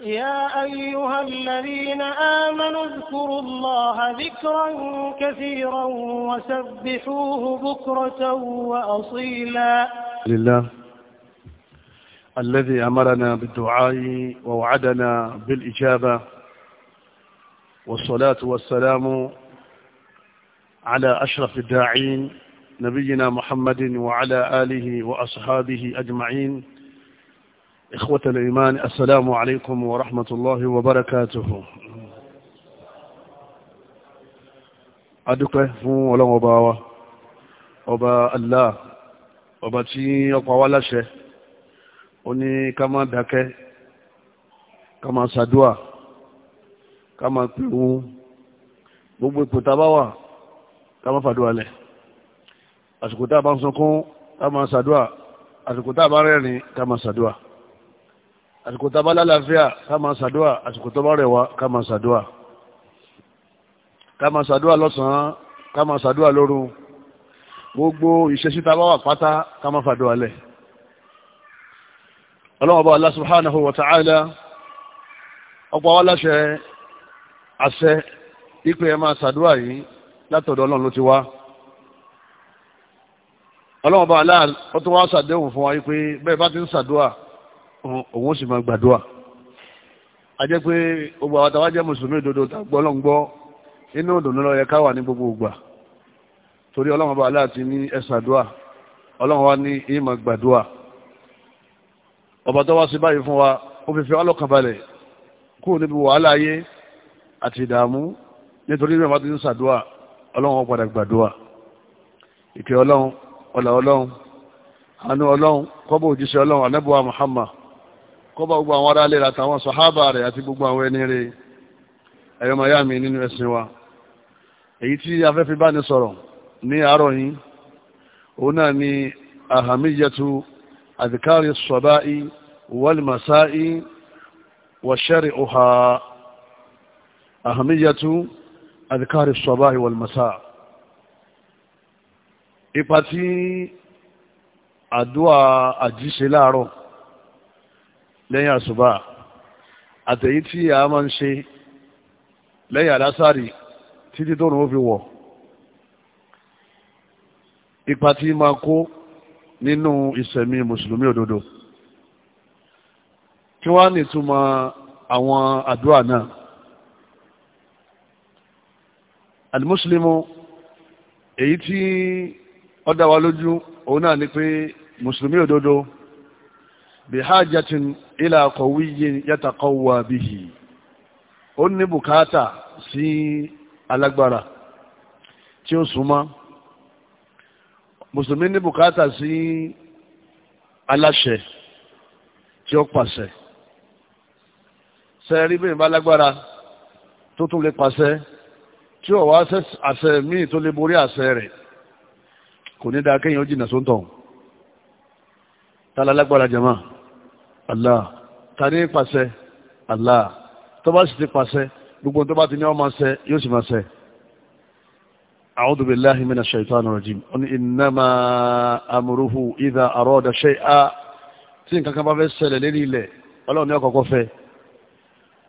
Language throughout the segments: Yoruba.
يا أيها الذين آمنوا اذكروا الله ذكرا كثيرا وسبحوه بكرة وأصيلا لله الذي أمرنا بالدعاء ووعدنا بالإجابة والصلاة والسلام على أشرف الداعين نبينا محمد وعلى آله وأصحابه أجمعين إخوة الإيمان السلام عليكم ورحمة الله وبركاته adúpẹ́ fún ọlọ́run ọba wa ọba Allah ọba tí ó pa wá láṣẹ ó ní ká máa dákẹ́ ká máa ṣàdúà ká máa pè ohun gbogbo ipò tá a bá wà ká máa fàdúà lẹ̀ àsìkò tá a bá ń sọkún ká máa ṣàdúà àsìkò tá a bá rẹ́rìn ká máa ṣàdúà àsìkò tá a bá lálàáfíà ká máa ṣàdúà àsìkò tó bá rẹ̀ wá ká máa ṣàdúà ká máa ṣàdúà lọ́sàn-án ká máa ṣàdúà lóru gbogbo ìṣesí tá bá wà pátá ká máa fàdúà lẹ̀ ọlọ́wọ́ba Allah subhanahu wa ta'ala ọ̀pọ̀ wa láṣẹ àṣẹ ipe ẹ̀ máa ṣàdúà yìí látọ̀dọ̀ ọlọ́run ló ti wá ọlọ́wọ́ba Allah ó tún wá ṣàdéhùn fún wa yìí pé bẹ́ẹ̀ bá ti ń ṣàdúà òun ó sì máa gbàdúrà ajẹ́ pé gbogbo àwọn tàwájẹ́ mùsùlùmí òdodo tàgbọ́ ọlọ́run gbọ́ inú òdòdó lọ yẹ káwà ní gbogbo ìgbà torí ọlọ́run bá aláàtí ní ẹ̀sàdúà ọlọ́run wá ní ìmọ̀ gbàdúà ọba tó wá sí báyìí fún wa ó fi fi ọlọ́kan balẹ̀ kúrò níbi wàhálà ayé àti ìdààmú nítorí ìrìn àbátí ń sàdúà ọlọ́run wọn padà gbàdúà ìkẹ́ ọlọ́run ọlà ọlọ́run àánú ọlọ́run kọ́bọ̀ òjíṣẹ́ ọlọ́run anábùwà Muhammad kọ́bà gbogbo àwọn aráalé rẹ̀ àtàwọn sọ̀hábà rẹ̀ àti gbogbo àwọn ẹni rẹ̀ ẹ̀yọ́ màyá mi nínú ẹ̀sìn wa èyí tí afẹ́fẹ́ bá ní sọ̀rọ̀ ní àárọ̀ yìí òun náà ni ahamiyatu adhikari as-saba'i wal masa'i wa shar'uha ahamiyatu adhikari as-saba'i wal ipa tí àdúrà àjíṣe láàárọ̀ lẹ́yìn àṣùbà àtẹ̀yí tí a máa ń ṣe lẹ́yìn àlásàrì títí tó rùn ó fi wọ̀ ipa tí máa kó nínú ìṣẹ̀mí mùsùlùmí òdodo kí wá nìtumọ̀ àwọn àdúrà náà alimuslimu èyí tí ó dá lójú òun náà ni pé mùsùlùmí òdodo bihajatin ilà kọ̀wé yàtàkọ̀wà bìhì ó ní bùkátà sí alágbára tí ó súnmọ́ mùsùlùmí ní bùkátà sí aláṣẹ tí ó pàṣẹ sẹ́ẹ̀rí bẹ́ẹ̀ bá lágbára tó tún lè pàṣẹ tí ó wá àṣẹ míì tó lè borí àṣẹ rẹ̀ kò ní dáa kéèyàn jìnnà sóńtọ̀ tá lálágbára jẹ̀mọ́ Allah ta ní pàṣẹ Allah tó bá sì ti pàṣẹ gbogbo tó bá ti ní ọmọ ṣẹ yóò sì máa ṣẹ. A'udhu billahi minash shaitani rajim ó ní innama amruhu idha arada shay'an tí nǹkan kan bá fẹ́ ṣẹlẹ̀ lérí ilẹ̀ ọlọ́run ní ọkọ̀ọ̀kọ́ fẹ́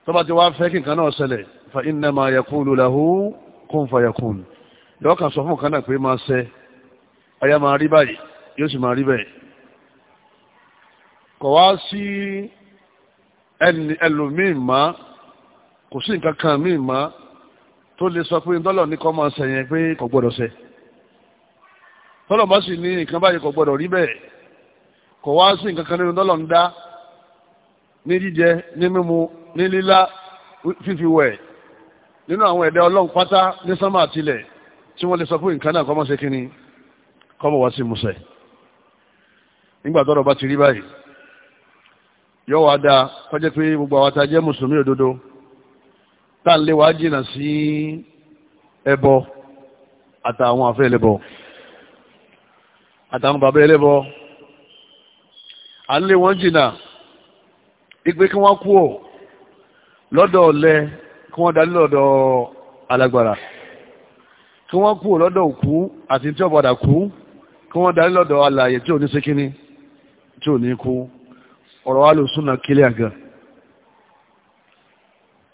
tó bá ti wá fẹ́ kí nǹkan náà ṣẹlẹ̀ fa innama yaqulu lahu kun fayakun yọ̀ọ́ kan sọ fún nǹkan náà pé máa ṣẹ ọyá máa rí báyìí yóò sì máa rí bẹ́ẹ̀ kò wá sí ẹlòmíì mọ́ kò sí nǹkan kan míì mọ́ tó lè sọ pé dọ́lọ̀ ní kọ́ máa sẹ̀yìn pé kò gbọ́dọ̀ sẹ̀ dọ́lọ̀ bá sì ní nǹkan báyìí kò gbọ́dọ̀ rí bẹ́ẹ̀ kò wá sí nǹkan kan nínú dọ́lọ̀ ń dá ní jíjẹ ní mímu ní lílá fífi wẹ̀ nínú àwọn ẹ̀dẹ́ ọlọ́run pátá ní sánmà àtilẹ̀ tí wọ́n lè sọ pé nǹkan náà kọ́ máa ṣe kínní kọ́ máa wá sí musẹ̀ nígbà tọ́rọ̀ bá ti rí báyìí yóò wá dáa kọjá pé gbogbo àwọn àtàjẹ́ mùsùlùmí òdodo tá à ń lé wá jìnnà sí ẹbọ àtàwọn àfẹ́ ẹlẹ́bọ àtàwọn bàbá ẹlẹ́bọ à ń lé wọ́n jìnnà ìpè kí wọ́n kú ò lọ́dọ̀ ọ̀lẹ kí wọ́n dalí lọ́dọ̀ alágbára kí wọ́n kú ò lọ́dọ̀ òkú àti tí ọ̀bọ̀dà kú kí wọ́n dalí lọ́dọ̀ alààyè tí ò ní sékíní tí ò ní kú. ọ̀rọ̀ alùsùnà kílẹ̀ àgàn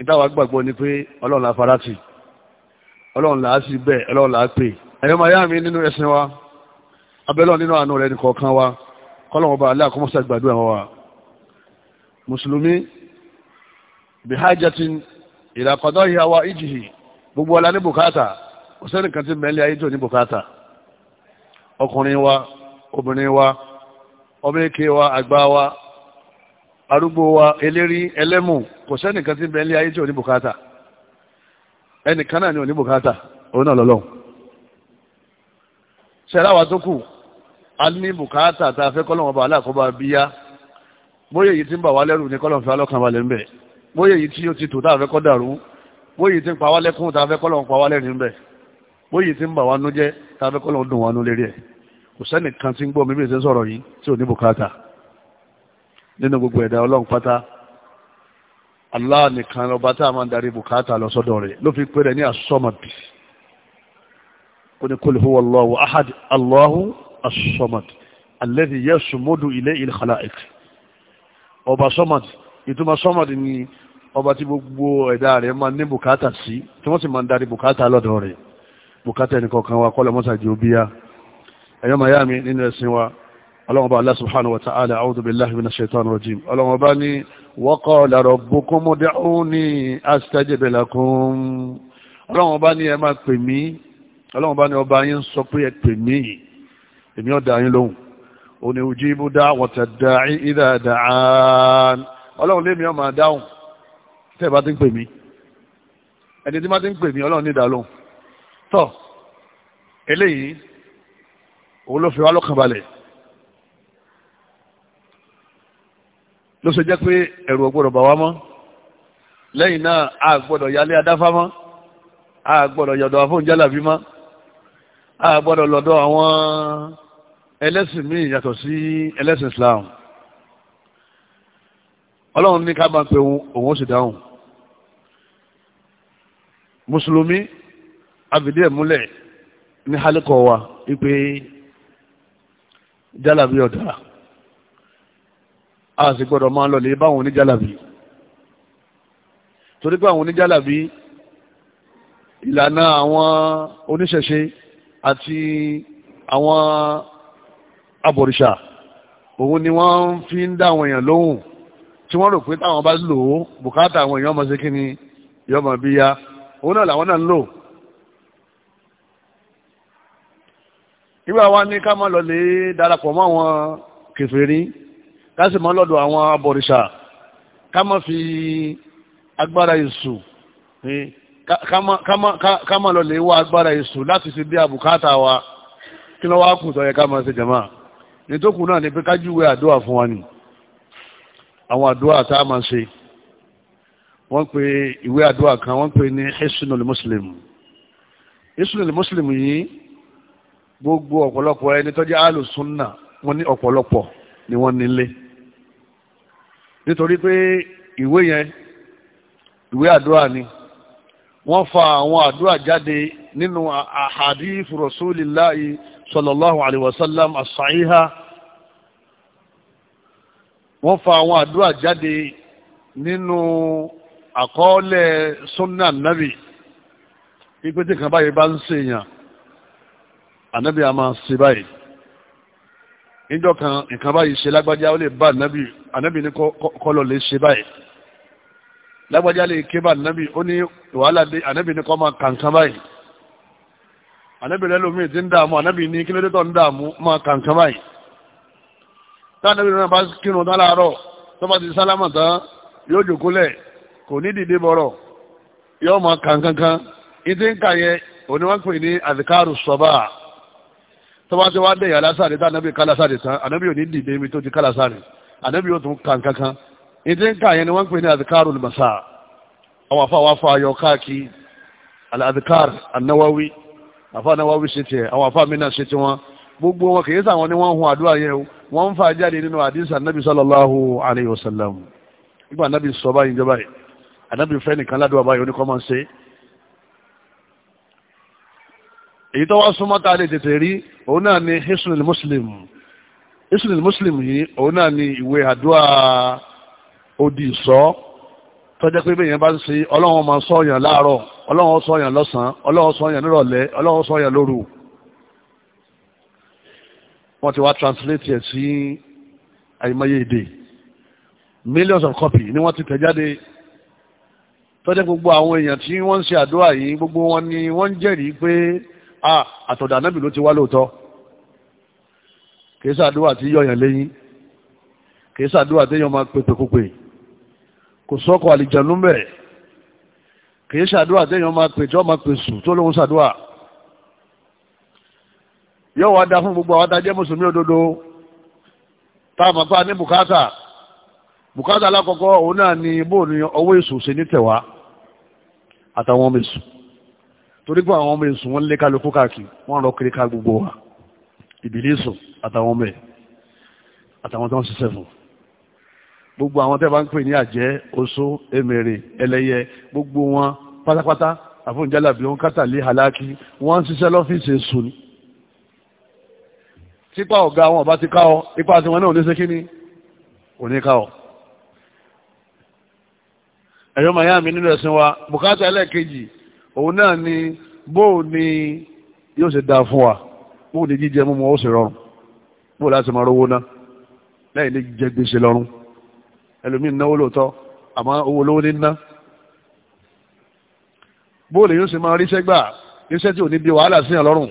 ìtawà gbàgbọ́ ni pé ọlọ́run la farati ọlọ́run la sí bẹ́ẹ̀ ọlọ́run la pè ẹ̀yọ́ máa yá mi nínú ẹ̀sìn wa abẹ́lọ́ nínú àánú rẹ̀ nìkọ̀ọ̀kan wa kọ́lọ́run ọba aláà kọ́mọ́sá gbàdúrà wa mùsùlùmí bihajatin ila qada'i hawa'ijihi gbogbo ọlá ní bùkátà ọ̀sẹ́ni kan ti mẹ́lẹ̀ ayé tó ní bùkátà ọkùnrin wa obìnrin wa ọmọ èké wa àgbà wa arúgbó wa eléri ẹlẹ́mù kò sẹ́nìkan tí ń ayé tí ò ní ẹnìkan náà ni ò ní bùkátà òun náà lọ́lọ́hùn ṣẹláwà tó kù a ní bùkátà tá a fẹ́ kọ́lọ́wọ́n bá aláàkọ́bá bíyá bóyá èyí tí ń bà wá lẹ́rù ní kọ́lọ́wọ́n fi alọ́kàn ń bẹ̀ tí ó ti tò tá a fẹ́ kọ́ dàrú bóyá èyí nínú gbogbo ẹ̀dá ọlọ́run pátá Allah nìkan ọba tá a máa ń darí bùkátà lọ sọ́dọ̀ rẹ̀ ló fi pé rẹ̀ ní asọ́mọ̀bì ó ní kul huwa Allahu ahad Allahu as-samad alladhi yasmudu ilayhi al-khalaiq ọba sọ́mọ̀d ìtumọ̀ sọ́mọ̀d ni ọba tí gbogbo ẹ̀dá rẹ̀ máa ní bùkátà sí tí wọ́n sì máa ń darí bùkátà lọ́dọ̀ rẹ̀ bùkátà ẹnìkọ̀ọ̀kan wa kọ́lọ̀ mọ́sàdì òbíyá ẹ̀yọ́ màyá nínú ẹ̀sìn wa ọlọ́run bá Allah subhanahu wa ta'ala a'udhu billahi minash shaitani rajim ọlọ́run bá ní wa qala rabbukum ud'uni astajib lakum ọlọ́run bá ní ẹ máa pè mí ọlọ́run bá ní ọba yín sọ pé ẹ pè mí èmi ọ̀dà yín lóhùn ó ní ujibu da'wata da'i idha da'an ọlọ́run lé mi ó máa dáhùn tẹ́ ẹ bá ti ń pè mí ẹni tí má ti ń pè mí ọlọ́run ní ìdálóhùn tọ́ eléyìí òun ló ṣe jẹ́ pé ẹ̀rù ọgbọ́dọ̀ bà wá mọ́ lẹ́yìn náà a gbọ́dọ̀ yálé adáfá mọ́ a gbọ́dọ̀ yọ̀dọ̀ afọ́njálàbí mọ́ a gbọ́dọ̀ lọ́dọ̀ àwọn ẹlẹ́sìn míì yàtọ̀ sí ẹlẹ́sìn Islam ọlọ́run ní ká bá ń pe òun ó sì dáhùn mùsùlùmí àfìdí ẹ̀ múlẹ̀ ní hálíkọ̀ wa wípé jálàbí ọ̀dà a sì gbọ́dọ̀ máa lọ lè bá àwọn oníjàlàbí torí pé àwọn oníjàlàbí ìlànà àwọn oníṣẹ̀ṣe àti àwọn abọ̀rìṣà òun ni wọ́n fi ń dá àwọn èèyàn lóhùn tí wọ́n rò pé táwọn bá lò ó bùkátà àwọn èèyàn ọmọ sí kí ni yọmọ bí ya òun náà làwọn náà ń lò nígbà wa ní ká máa lọ lè darapọ̀ mọ́ àwọn kèfèrí ká sì mọ́ lọ́dọ̀ àwọn abọ̀rìṣà ká fi agbara èṣù eh, kama kama lọ lè wá agbára èṣù láti fi bí àbùkátà wa kí ló wá kù tó yẹ ká máa ṣe jàmáà nítòkù náà ni pé ká júwe àdúrà fún wa ni àwọn àdúrà tá a máa ṣe wọ́n pe ìwé àdúrà kan wọ́n pe ní Hisnul Muslim Hisnul Muslim yìí gbogbo ọ̀pọ̀lọpọ̀ ẹni tó jẹ́ àlùsùnnà wọ́n ní ọ̀pọ̀lọpọ̀ ni wọ́n nílé nítorí pé ìwé yẹn ìwé àdúrà ni wọ́n fa àwọn àdúrà jáde nínú àhàdíìsì rasulillahi sallallahu alaihi wasallam as-sahiha wọ́n fa àwọn àdúrà jáde nínú àkọọ́lẹ̀ sunna nabi ipe kan báyìí bá ń ṣèyàn ànábì a máa ṣe báyìí níjọ́ kan nǹkan báyìí ṣe lágbájá ó lè bá ànábì ànábì ní kọ́lọ̀ lè ṣe báyìí lágbájá lè ké bá ànábì ó ní wàhálà dé ànábì ní kọ́ máa kà nǹkan báyìí ànábì rẹ lómi ti ń dààmú ànábì ní kí ló dé tó ń dààmú máa kà nǹkan báyìí tá ànábì náà bá kírun tán láàárọ̀ tó bá ti sálámà tán yóò jòkólẹ̀ kò ní dìde bọ̀rọ̀ yóò máa kà nǹkan kan ìdí ń kà yẹ òní wọ́n pè ní àdìkárù sọ́bà tó bá ti wá dẹ̀yà lásàrè tá ànábì kálásàrè tán ànábì ò ní dìde ibi tó ti kálásàrè ànábì ò tún kàn kankan ìdí ń kà yẹn ni wọ́n ń pè ní àdìkárù lùmọ̀sá àwọn afá wa fa ayọ̀ káàkiri àdìkárù anáwáwí afá anáwáwí ṣe tiẹ̀ àwọn afá mi náà ṣe ti wọn gbogbo wọn kì í sàwọn ni wọ́n ń hun àdúrà yẹn o wọ́n ń fa jáde nínú àdìsí ànábì sallallahu alayhi wa sallam nígbà ànábì sọ báyìí jọba yìí ànábì fẹ́ nìkan ládùúgbò báyìí oníkọ́ máa èyí tó wá súnmọ́ tá a lè tètè rí òun náà ni hisnul muslim hisnul muslim yìí òun náà ni ìwé àdúrà odi ìsọ́ tọ́jẹ́ pé bẹ́ẹ̀ yẹn bá ń ṣe ọlọ́run máa sọ yàn láàárọ̀ ọlọ́run sọ yàn lọ́sàn-án ọlọ́run sọ yàn nírọ̀lẹ́ ọlọ́run sọ yàn lóru wọ́n ti wá translate ẹ̀ sí àìmọye èdè millions of copy ni wọ́n ti tẹ̀ jáde tọ́jẹ́ gbogbo àwọn èèyàn tí wọ́n ń ṣe àdúrà yìí gbogbo wọn ni wọ́n ń jẹ́rìí pé Ah àtọ̀dà anábì ló ti wá lóòótọ́ kìí sàdúrà tí yọ̀yàn lẹ́yìn kìí sàdúrà tí yọ̀n máa pèpèkúpè kò sọ́kọ̀ àlìjànú mẹ́ kìí sàdúrà tí yọ̀n máa pèjọ́ máa pèsù tó lóhun sàdúrà yóò wá da fún gbogbo àwọn adájẹ́ mùsùlùmí òdodo tá a máa pa ní bùkátà bùkátà alákọ̀ọ́kọ́ òun náà ni bóòlù ọwọ́ èso ṣe ní tẹ̀wá àtàwọn ọmọ èso torí pé àwọn ọmọ èso wọn lé kálukú káàkiri wọn rọ kiri ká gbogbo wa ìbílísù àtàwọn ọmọ ẹ àtàwọn tó ń ṣiṣẹ́ fún gbogbo àwọn tẹ́ bá ń pè ní àjẹ́ oṣó emèrè ẹlẹ́yẹ gbogbo wọn pátápátá àfọ̀njálàbí wọn kátàlí àlákí wọn ń ṣiṣẹ́ lọ́fíìsì èso ni típa ọ̀gá wọn bá ti ká ọ ipa tiwọn náà ò ní ṣe kí ni ò ní ká ọ ẹ̀yọ́ màyá mi nínú ẹ̀sìn wa bùkátà ẹlẹ́ẹ̀kejì òun náà ni bóò ni yóò ṣe dáa fún wa bóò ni jíjẹ mímu ó sì rọrùn bóò láti máa rówó náà lẹ́yìn ní jẹ gbèsè lọ́rùn ẹlòmíín náwó lóòótọ́ àmọ́ owó lówó ní ná bóò lè yóò ṣe máa ríṣẹ́ gbà iṣẹ́ tí ò ní bí wàhálà sí yàn lọ́rùn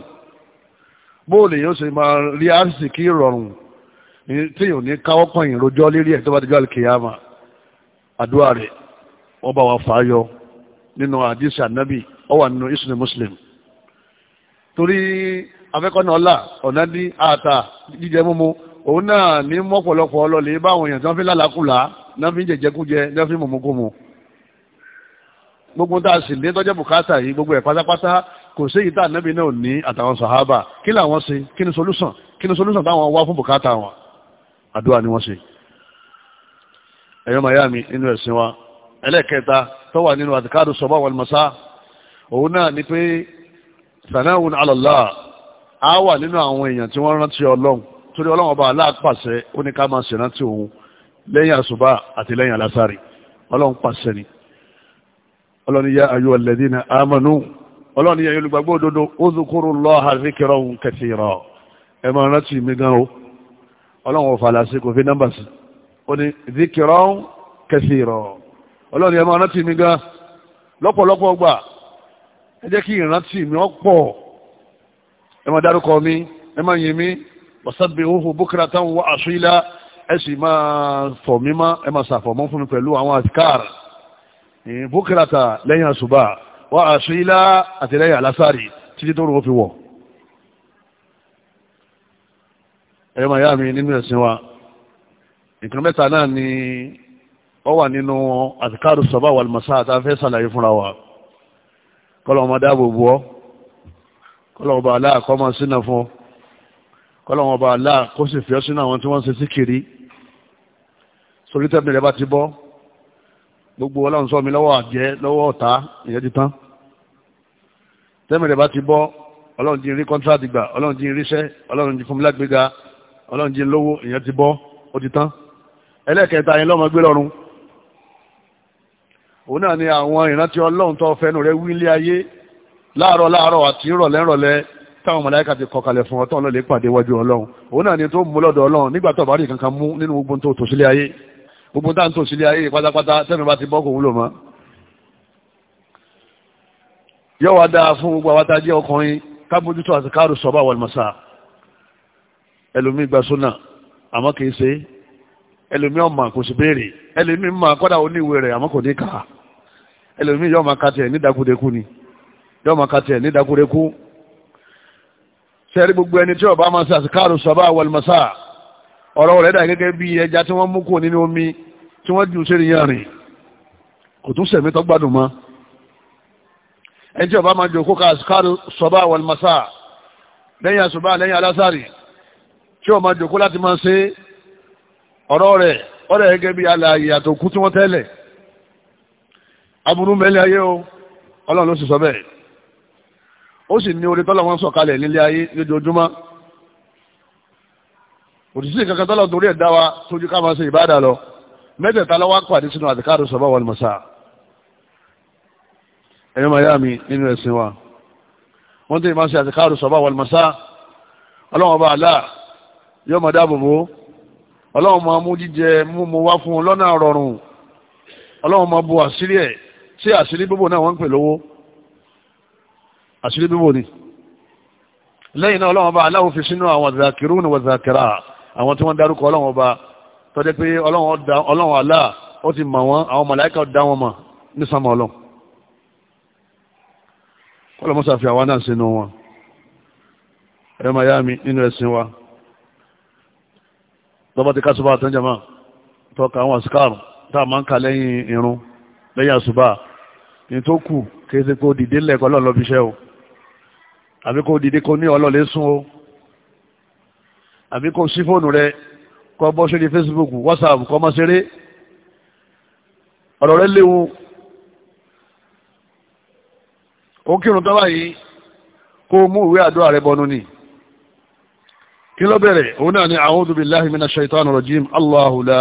bóò lè yóò ṣe máa rí àsìkí rọrùn tí yóò ní káwọ́ pọ̀yìn rojọ́ lérí ẹ̀ tó bá dé jọ́ àlùkìyàmà àdúrà rẹ̀ wọ́n bá wa fà á yọ nínú àdísì ànábì ọwà nínú islam muslim torí afẹ́kọ́nà ọlá ọ̀nà ní àtà jíjẹ múmu òun náà ní mọ́pọ̀lọpọ̀ ọlọ́lẹ̀ báwọn èèyàn tí wọ́n fi lálàkùlà náà fi ń jẹjẹkújẹ náà fi mọ̀mọ́kùmù gbogbo tá a sì lé tọ́jọ́ bùkátà yìí gbogbo ẹ̀ pátápátá kò sí ìta ànábì náà ní àtàwọn sàhábà kí làwọn ṣe kí ni solúsàn kí ni solúsàn táwọn wá fún bùkátà wọn àdúrà ni wọ́n ṣe ẹ̀yọ́ màyá mi nínú ẹ̀sìn wa ẹlẹ́ẹ̀kẹta tó wà nínú àdìkáàdù sọ́bà wal masá òun náà ni pé sanahun alallah á wà nínú àwọn èèyàn tí wọ́n rántí ọlọ́run torí ọlọ́run ọba aláàpàṣẹ ó ní ká máa ṣèrántí òun lẹ́yìn àṣùbà àti lẹ́yìn alásàrì ọlọ́run pàṣẹ ni ọlọ́run yá ayọ́ alladhina amanu ọlọ́run yá olùgbàgbọ́ òdodo udhkurullaha dhikran kathira ẹ máa rántí mi gan o ọlọ́run ọ̀fà làṣẹ kò fi nọ́mbà sí ó ní dhikran kathira ọlọ́run ẹ máa rántí mi gan lọ́pọ̀lọpọ̀ gbà ẹ jẹ́ kí ìrántí mi ọ̀pọ̀ ẹ máa dárúkọ mi ẹ máa yìn mí wasabbihuhu bukratan wa asila ẹ sì máa fọ̀ mí mọ́ ẹ máa ṣàfọ̀mọ́ fún mi pẹ̀lú àwọn àtikáàrà bukrata lẹ́yìn àṣùbà wa asila àtìlẹ́yìn àlásàrì títí tó rò fi wọ̀ ẹ máa yá mi nínú ẹ̀sìn wa nǹkan mẹ́ta náà ni ọ wà nínú àtikáàrù sọ́bà wà lùmọ̀sá àtàfẹ́ sàlàyé fúnra wa kọ́lọ̀ ọmọ dáàbò bù ọ́ kọ́lọ̀ ọba aláà kọ́ máa sínà fún ọ kọ́lọ̀ ọba aláà kó sì fi ọ́ sínú àwọn tí wọ́n ṣe sí kiri sórí tẹ́bìnrin rẹ bá ti bọ́ gbogbo ọlọ́run sọ mi lọ́wọ́ àjẹ́ lọ́wọ́ ọ̀tá ìyẹn ti tán tẹ́bìnrin rẹ bá ti bọ́ ọlọ́run jí rí kọ́ńtíráàtì gbà ọlọ́run jí ríṣẹ́ ọlọ́run jí fúnmi ọlọ́run jí lówó ìyẹn ti bọ́ ó ti tán ẹlẹ́ẹ̀kẹta yẹn lọ́mọ gbé lọ́rùn òun náà ni àwọn ìrántí ọlọ́run tó fẹ́nu rẹ wílé ayé láàárọ̀ láàárọ̀ àti ìrọ̀lẹ́ ìrọ̀lẹ́ táwọn mọ̀láyíká ti kọkalẹ̀ fún ọtọ́ lọ́lẹ̀ pàdé wájú ọlọ́run òun náà ni tó mú lọ́dọ̀ ọlọ́run nígbà tó bá rí kankan mú nínú gbogbo tó tò sílé ayé gbogbo tá ń tò sílé ayé pátápátá tẹ́nu bá ti bọ́ kò ń lò mọ́. yóò wá dáa fún gbogbo àwọn tajẹ́ ọkùnrin kábójútó àti káàrò sọ́bà wal masa ẹlòmíì gba ẹlòmíì yóò máa ka tiẹ̀ nídàkúdekú ni yóò máa ka tiẹ̀ nídàkúdekú sẹ́rí gbogbo ẹni tí ọba máa ń sàṣìkáàrò sọ́bà wàlùmọ́sà ọ̀rọ̀ rẹ̀ dà gẹ́gẹ́ bí ẹja tí wọ́n mú kó nínú omi tí wọ́n jù sẹ́rí yẹn rìn kò tún sẹ̀mí tó gbádùn mọ́ ẹni tí ọba máa jòkó ká sàṣìkáàrò sọ́bà wàlùmọ́sà lẹ́yìn àṣùbà lẹ́yìn alásàrì tí ọba jòkó láti máa ṣe ọ̀rọ̀ rẹ̀ ọ̀rẹ́ gẹ́gẹ́ bí alàyè àtòkú tí wọ́n tẹ́lẹ̀ aburú mẹ́lẹ̀ ayé o ọlọ́run ló sì sọ bẹ́ẹ̀ ó sì ní orí tọ́lọ́ wọn sọ̀kalẹ̀ nílé ayé lójoojúmọ́ òtítí kankan tọ́lọ̀ torí ẹ̀ dá wa tójú ká máa ṣe ìbáàdà lọ mẹ́tẹ̀ẹ̀ta lọ́wọ́ pàdé sínú àtikáàdù sọ̀bọ̀ wọn mọ̀sá ẹ̀yọ́ máa yá mi nínú ẹ̀sìn wa wọ́n tẹ̀ máa ṣe àtikáàdù sọ̀bọ̀ wọn mọ̀sá ọlọ́run ọba àlá yóò máa dáàbò bò ọlọ́run máa mú jíjẹ mú mu wá fún un lọ́nà rọrùn ọlọ́run máa bu àṣírí ẹ̀ ṣé àṣírí bíbò náà wọ́n ń pè lówó àṣírí bíbò ni lẹ́yìn náà ọlọ́wọ́n bá aláwọ̀ fi sínú àwọn zakirun wa zakira àwọn tí wọ́n dárúkọ ọlọ́wọ́n bá tọ́jẹ́ pé ọlọ́wọ́n alá ó ti mọ̀ wọ́n àwọn màláíkà dá wọn mọ̀ ní sánmọ̀ ọlọ́wọ́n kọlọmọsà fi àwọn náà sínú tọ́ka àwọn àsìkáàrùn tá a máa ń ka lẹ́yìn irun lẹ́yìn àsùbà ní tó kù kìí ṣe kó dìde lẹ́kọ́ ọlọ́lọ́bíṣẹ́ o àbí kó dìde kó ní ọlọ́lẹ̀ sún o àbí kó sí fóònù rẹ kó bọ́ sórí Facebook WhatsApp kó máa ṣeré ọ̀rọ̀ rẹ léwu ó kírun tọ́ba yìí kó mú ìwé àdúrà rẹ bọnu ni kí ló bẹ̀rẹ̀ òun náà ni a'udhu billahi minash shaitanir rajim Allahu la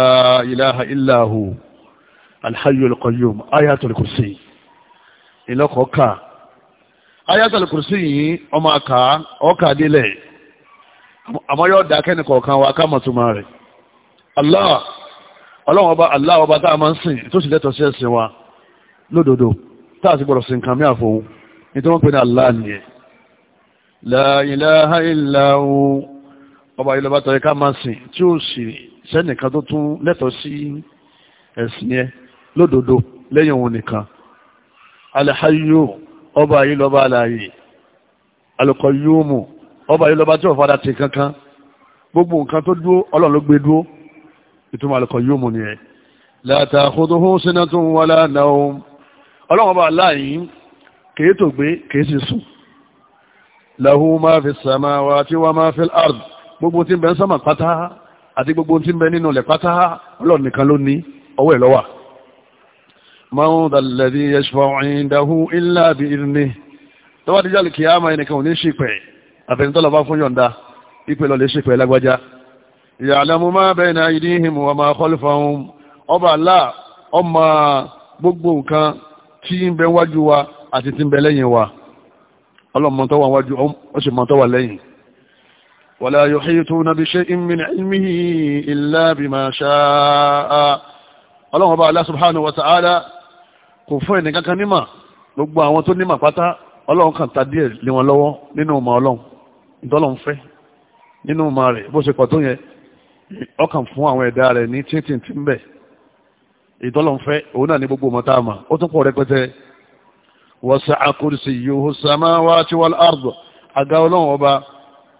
ilaha illa hu qayyum ayatul kursi ìlọ́kọ̀ kà ayatul kursi yìí ọmọ àkà ọkà délẹ̀ àmọ́ yóò dá kẹ́ni kọ̀ọ̀kan wa ká mọ̀túnmá rẹ̀ Allah ọlọ́run ọba Allah ọba tá a máa ń sìn tó sì lẹ́tọ̀ọ́ sí ẹ̀sìn wa lódodo tá a sì gbọ́dọ̀ sìn kàmí àfọwọ́ nítorí wọ́n pè ní Allah nìyẹn la ilaha illa hu ọba ilẹ̀ bàtà ẹ̀ká máa sìn tí ó sì sẹ́nìkan tó tún lẹ́tọ̀ọ́ sí ẹ̀sìn yẹn lódodo lẹ́yìn òun nìkan alhayu ọba yìí lọ́ba aláyè alqayyumu ọba yìí lọ́ba tí ò fara ti kankan gbogbo nǹkan tó dúró ọlọ́run ló gbé dúró ìtumọ̀ alqayyumu nìyẹn la ta'khuduhu sinatun wala nawm ọlọ́run ọba aláyè kìí tó gbé kìí sì sùn lahu ma fi samawati wa ma fil ard gbogbo tí ń bẹ ń sánmà pátá àti gbogbo tí ń bẹ nínú ilẹ̀ pátá ọlọ́run nìkan ló ní ọwọ́ ẹ̀ ló wà man dha alladhi yashfa'u indahu illa bi idhnihi tó bá ti jáde kìí àmà ẹnìkan ò ní ṣìpẹ̀ àfẹnitọ́lọ́ bá fún yọ̀ǹda ìpè lọ lè ṣìpẹ̀ lágbájá ya'lamu ma bayna aydihim wa ma khalfahum ọba àlá ọmọ gbogbo nǹkan tí ń bẹ wájú wa àti tí ń bẹ lẹ́yìn wa tó wà wájú ó sì mọ tó wà lẹ́yìn wala yuhituna kò fún ka kankan nímà gbogbo àwọn tó nímà pátá ọlọ́run kan ta díẹ̀ lé wọn lọ́wọ́ nínú ọmọ ọlọ́run ìtọ́lọ́run fẹ́ nínú ọmọ rẹ̀ bó ṣe pọ̀ tó yẹ ọkàn fún àwọn ẹ̀dá rẹ̀ ní títì ń bẹ̀ fẹ́ òun náà ní gbogbo ọmọ tá a mà ó tún pọ̀ rẹpẹtẹ wasi'a kursiyyuhu onye wal àga ọlọ́run ọba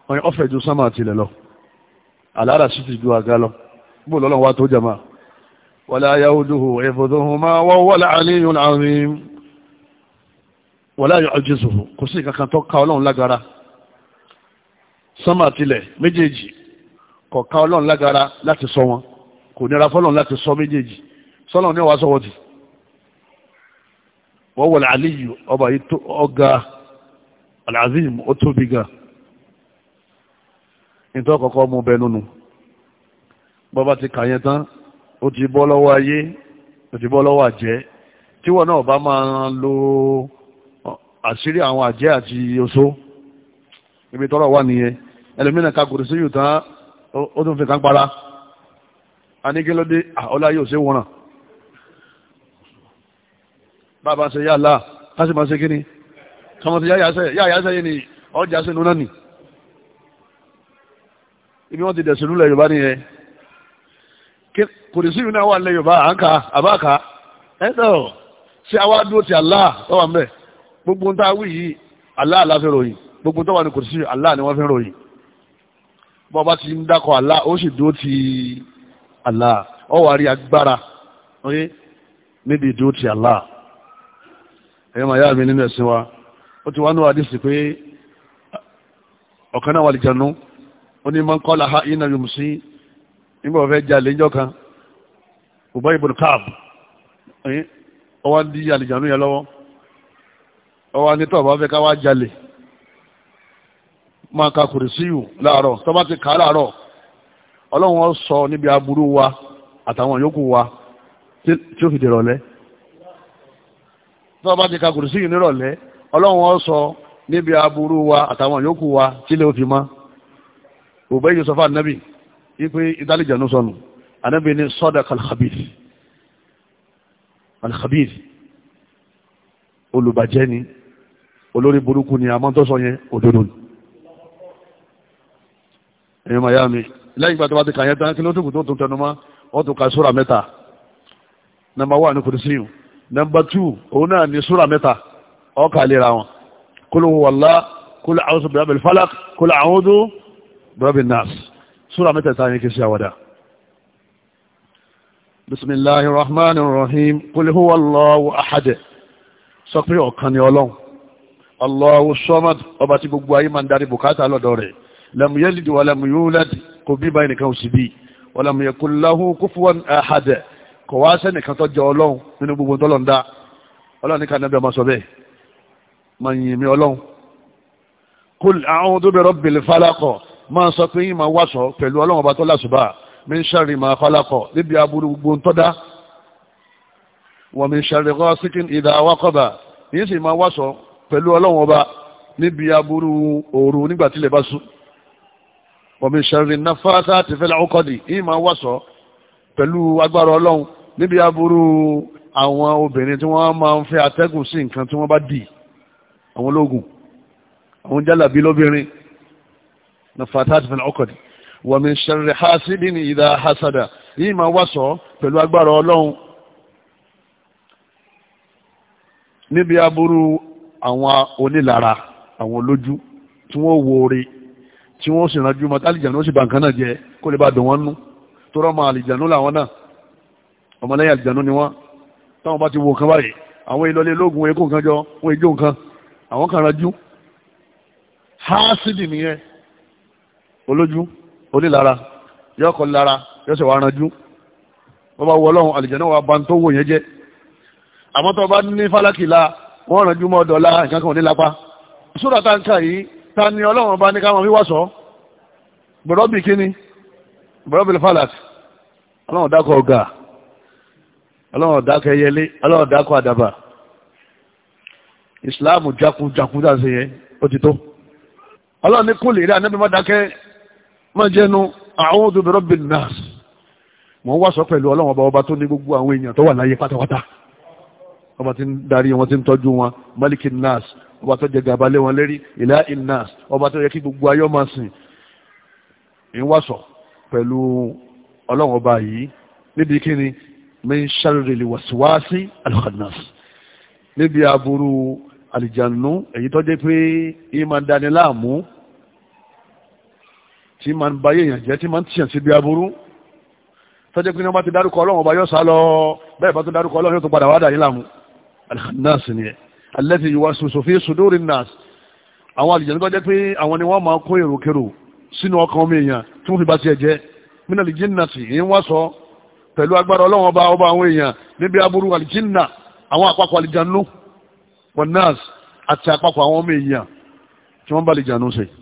ọ̀fẹ́ ju sámà tilẹ̀ lọ àlàárà ti ju àga lọ bó ولا يوده حفظهما وهو العلي العظيم ولا يعجزه kò sí kankan tó ká Ọlọ́run lágara sánmà àti ilẹ̀ méjèèjì kò ká Ọlọ́run lágara láti sọ wọn kò nira fọ́lọ́run láti sọ méjèèjì sọ́lọ́run ní wàá sọ wọ́n ti wọ́n wọ̀lẹ̀ àlíyù ọba yìí tó ọ̀gá alazim ó tóbi ga nítorí kọ́kọ́ mú bẹ́ẹ̀ nínú bọ́ba ti kà yẹn tán ó ti bọ́ lọ́wọ́ ayé ó ti bọ́ lọ́wọ́ àjẹ́ tí wọ́n náà bá máa lo àṣírí àwọn àjẹ́ àti oṣó ibi tọ́rọ wà nìyẹn ẹlòmínà ká kòrò sí yìí tán ó tún fi kan para a ní kí ló dé ọlá yóò ṣe wọ́nà bàbá ṣe yá láà ká sì máa ṣe kíni kọmọ ti yá yáṣẹ́ yìí ni ọjà sínú náà nì ibi wọ́n ti dẹ̀ sínú Yorùbá nìyẹn kò ní sí ìrìnà wà nílẹ̀ yorùbá à ń ka àbá ka ẹ̀dọ̀ ṣé ti Allah tó wà mẹ́ gbogbo ń tá a wí yìí Allah la fi ròyìn gbogbo tó wà ní kò sí Allah ni wọ́n fi ròyìn bọ́ bá ti ń dákọ̀ Allah ó sì dúró ti Allah ọ wà rí agbára oye níbi ìdúró ti Allah ẹ̀yọ́ màá yá mi nínú ẹ̀sìn wa ó ti wá ní wàdí sí pé ọ̀kan náà wà lìjànú ó ní mọ́ ń kọ́ làhá iná yòmùsí nígbà wọ́n fẹ́ jalè ńjọ́ kan Ubay ibn Ka'b ọwọ́ di àlìjànú yẹn lọ́wọ́ ọwọ́ ní tọ́ọ̀bù afẹ́ ká wá jalè máa ka kùrìsíyù láàárọ̀ tọ́ba ti kà á láàárọ̀ ọlọ́run sọ níbi aburú wa àtàwọn yòókù wa tí ó fi dèrọ̀lẹ́ tọ́ba ti ka kùrìsíyù nírọ̀lẹ́ ọlọ́run sọ níbi aburú wa àtàwọn yòókù wa tí ilé ó fi mọ́ Ubay yóò sọ ipe ìdálẹ́jànú sọnù anábì ní sadaqa al-khabith al-khabith olùbàjẹ́ ni olórí burúkú ni amọ́ntọ́sọ yẹn òdodo ni ẹ̀yọ́ miami lẹ́yìn ìgbà tó bá ti kàyẹ́ tán kí ló dùnkù tó tún tẹnu mọ́ wọ́n tún ka sóra mẹ́ta nọmba wà ní kùrìsíyù nọmba tù òun náà ní sóra mẹ́ta ọkà lera wọn kul huwallah kul a'udhu bi rabbil falaq kul a'udhu bi rabbin nas súra mẹ́tẹ̀ẹ̀ta ní kìí ṣe àwàdà bismillahi rahman rahim kul huwa allahu ahad sọ pé ọ̀kan ni ọlọ́run allahu samad ọba tí gbogbo ayé máa ń darí bùkátà lọ́dọ̀ rẹ̀ lam yalid wa lam yulad kò bí báyìí nìkan òsì bí wa lam yakul lahu kufuwan ahad kò wá sẹ́nìkan tó jọ ọlọ́run nínú gbogbo máa sọ pé yín máa wàṣọ pẹ̀lú ọlọ́run ọba tó lásùbà min sharri ma khalaqa níbi aburú gbogbo tó dá wa min sharri ghasiqin idha waqaba yín sì máa wàṣọ pẹ̀lú ọlọ́run ọba níbi aburú òru nígbà tí ilẹ̀ bá sùn wa min sharri naffathati fil 'uqadi yín máa wàṣọ pẹ̀lú agbára ọlọ́run níbi aburú àwọn obìnrin tí wọ́n máa ń fẹ́ atẹ́gùn sí nǹkan tí wọ́n bá dì àwọn ológun àwọn jálàbí lóbìnrin nafatat fil uqad wa min sharri hasidin idha hasada yìí máa wá sọ pẹ̀lú agbára ọlọ́run níbi aburú àwọn onílara àwọn olójú tí wọ́n wo orí tí wọ́n sì ránjú mọ́ tálìjànú ó sì bá nǹkan náà jẹ kó lè bá dùn wọ́n nú tó rọ́ mọ́ àlìjànú làwọn náà ọmọlẹ́yìn àlìjànú ni wọ́n táwọn bá ti wo nǹkan báyìí àwọn ìlọlé lóògùn èkó nǹkan jọ wọ́n ìjó nǹkan àwọn kan ránjú háásìdì nìyẹn olójú onílara yóò kọ lára yóò sì wá ranjú wọ́n bá wọ ọlọ́run àlìjẹ́nà wa bá ń tó wò yẹn jẹ́ àmọ́ bá ní fálákì la wọ́n ranjú mọ́ ọ̀dọ̀ la nǹkan kan ò ní lápá sódà tá ń kà yìí ta ni ọlọ́run bá ní káwọn wíwá sọ bọ̀rọ̀bì kíní bọ̀rọ̀bì fálákì ọlọ́run dákọ̀ ọ̀gà ọlọ́run dákọ̀ ẹyẹlé ọlọ́run dákọ̀ àdàbà ìsìláàmù jákun jákun yẹn ó ti tó ọlọ́run ní kúlè rí anábìmọ́ má jẹnu a'udhu bi rabbin nas mọ̀ ń wá sọ pẹ̀lú ọlọ́wọ́n ọba ọba tó ní gbogbo àwọn èèyàn tó wà láyé pátápátá ọba tí ń darí wọn tí ń tọ́jú wọn malikin nas ọba tó jẹ gàba lé wọn lérí ilahin nas ọba tó yẹ kí gbogbo ayọ́ máa sìn ń wá sọ pẹ̀lú ọlọ́wọ́n ọba yìí níbi kíni min sharri li waswasi al-khannas níbi aburú àlìjànú èyí tó pé ìmọ̀ dániláàmú tí máa ń ba yé èèyàn jẹ́ tí máa ń tìyàn síbi aburú tọ́jú pé ní wọ́n bá ti dárúkọ ọlọ́run ọba yóò sá lọ bẹ́ẹ̀ bá tó dárúkọ ọlọ́run yóò tó padà wádà yín láàmú alhannas nìyẹn alẹ́tì ìwà sòfin sùdúrì nas àwọn àlìjẹ̀nu tó jẹ́ pé àwọn ni wọ́n máa kó èròkèrò sínú ọkàn omi èèyàn tí wọ́n fi bá tiẹ̀ jẹ́ mínà lè jìnnà sí èyí wọ́n sọ pẹ̀lú agbára ọlọ́run ọba ọba àwọn èèyàn níbi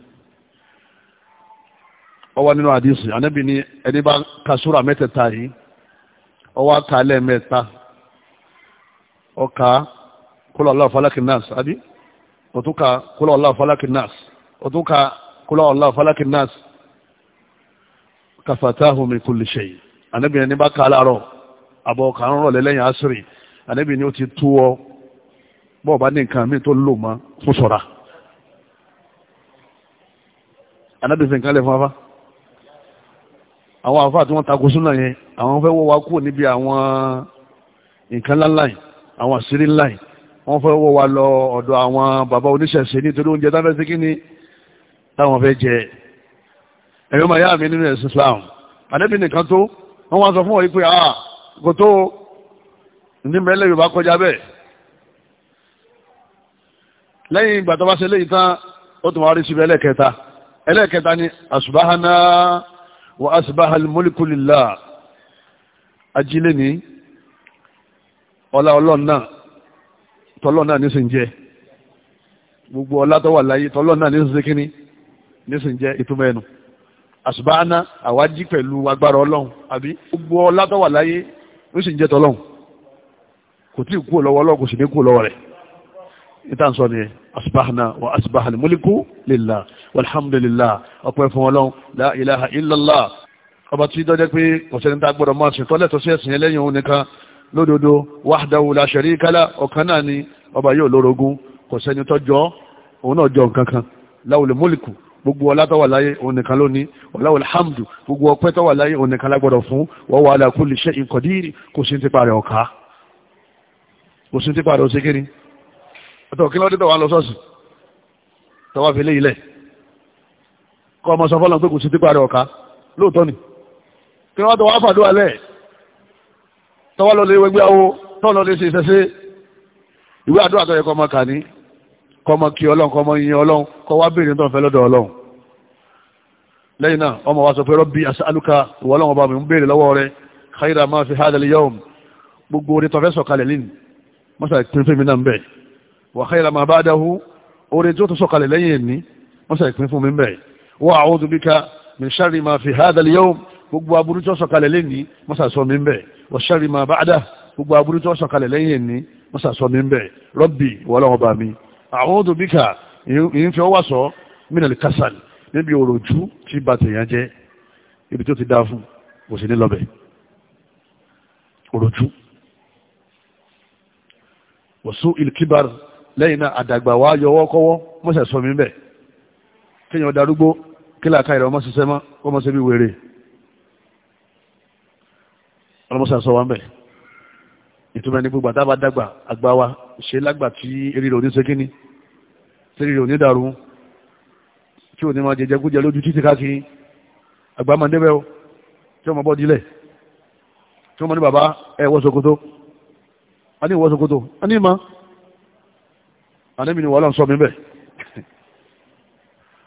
ó wà nínú àdìsí ànábì ní ẹni bá ka súrà mẹ́tẹ̀ẹ̀ta yìí ó wá ka lẹ́ẹ̀mẹ́ta ó ka kúlọ̀ ọ̀la falaki nas àbí ó tún ka kúlọ̀ ọ̀la falaki nas ó tún ka kúlọ̀ ọ̀la falaki nas kafatahu min kulli shay ànábì ní bá ka láàárọ̀ àbọ̀ ọ̀ka ń rọ̀ lẹ́lẹ́yìn àṣírí ànábì ní ó ti tú ọ bọ́ọ̀ bá ní nǹkan mi tó lò mọ́ fún sọ̀ra ànábì fi nǹkan lẹ̀ fún afá àwọn àfáà tí wọ́n tako súnà yẹn àwọn fẹ́ wọ́ wa kúrò níbi àwọn nǹkan ńláńlá yìí àwọn àṣírí ńlá yìí wọ́n fẹ́ wọ́ wa lọ ọ̀dọ̀ àwọn bàbá oníṣẹ̀ṣe nítorí oúnjẹ táwọn fẹ́ sí kíni táwọn fẹ́ jẹ ẹ̀yọ́ máa yá mi nínú ẹ̀sìn Islam àdébì nìkan tó wọ́n wá sọ fún ọ̀yí pé ah kò tó ní mẹ́lẹ̀ Yorùbá kọjá bẹ́ẹ̀ lẹ́yìn ìgbà tó bá ṣe léyìí tán ó tún wá rí síbi ẹlẹ́kẹta ẹlẹ́kẹta ni àṣùbáhánáà wa asbaha al-mulku lillah ajílẹ̀ ní ọlá ọlọ́run náà tọ́lọ́ náà ní sì ń jẹ́ gbogbo ọlá tó wà láyé tọ́lọ́ náà ní sì ṣe ní sì jẹ́ ìtumọ̀ ẹnu àṣùbáná àwájí pẹ̀lú agbára ọlọ́run àbí gbogbo ọlá tó wà láyé ní sì jẹ́ tọ́lọ́run kò tí ì kú lọ́wọ́ ọlọ́run kò sì ní kú lọ́wọ́ rẹ̀ níta ni àṣùbáná wa asbaha al-mulku walhamdulillah ọpẹ́ fún Ọlọ́run la ilaha illallah ọba tí dọ́jẹ́ pé ọ̀sẹ̀ni tá gbọ́dọ̀ máa ṣe tọ́lẹ̀ tó sí ẹ̀sìn ẹlẹ́yìn òun nìkan lódodo wahdahu la sharika la ọ̀kan náà ni ọba yóò lórogún kò sẹ́ni tó jọ òun náà jọ nǹkan kan láwùlẹ̀ múlìkù gbogbo ọlá tó wà láyé òun nìkan lónìí wàláwò alhamdu gbogbo ọpẹ́ tó wà láyé òun nìkan lágbọ́dọ̀ fún wọ́n wà ala kulli shay'in kò sí ti parẹ́ ọ̀ká kò sí ti parẹ́ òsèkiri ọ̀tọ̀ kí lọ́dún tó wà lọ sọ́ọ̀sì tọ́wọ́ fi lé ilẹ̀ kọ́ ọmọ sọ fọ́lọ́n pé kò sí tipa rẹ̀ ọ̀ka lóòótọ́ ni kí wọ́n tó wá fàdúrà lẹ̀ tọ́wọ́ lọ lè wẹgbẹ́ awo tọ́wọ́ lọ lè ṣe ìṣẹ́ṣe ìwé àdúrà tó yẹ kọ́ ọmọ kà ní kọ́ ọmọ kí ọlọ́run kọ́ ọmọ yin ọlọ́run kọ́ wá béèrè tó ń fẹ́ lọ́dọ̀ ọlọ́run lẹ́yìn náà ọmọ wa sọ pé rọ́bì as'aluka ìwọ ọba mi ń béèrè lọ́wọ́ wa بك من شر ما في هذا اليوم al-yawm gbogbo aburú tó sọ̀kalẹ̀ lẹ́ni mọ́sàsọ́ mi ń bẹ̀ wa sharri ma ba'da gbogbo aburú tó sọ̀kalẹ̀ lẹ́yìn ní mọ́sàsọ́ mi ń bẹ̀ rabbi wọlọ́wọ́ bá mi a'udhu bika ìyìn fi ọwọ́ sọ minal kasal níbi òròjú tí bá tèèyàn jẹ́ ibi tó ti dá fún kò sí ní lọ́bẹ̀ òròjú wa su'il kibar lẹ́yìn náà àdàgbà wa yọwọ́ kọ́wọ́ mọ́sàsọ́ mi ń bẹ̀ kéèyàn darúgbó kí làákà ìrẹ̀ ọmọ ṣiṣẹ́ mọ́ ọmọ ṣe bí wèrè ọlọ́mọṣà sọ wa ń bẹ̀ ìtumọ̀ ní gbogbo àtàbà dàgbà àgbà wa ṣe lágbà tí eré rò ní ṣe kíní tí eré rò ní dàrú tí ò ní máa jẹjẹ kújẹ lójú títí káàkiri àgbà máa débẹ̀ o tí ọmọ bọ́ dílẹ̀ tí wọ́n ní bàbá ẹ wọ́ ṣòkòtò a ní ìwọ́ ṣòkòtò a ní ìmọ̀ àníbi ni wọ́n lọ́n sọ mi bẹ́ẹ̀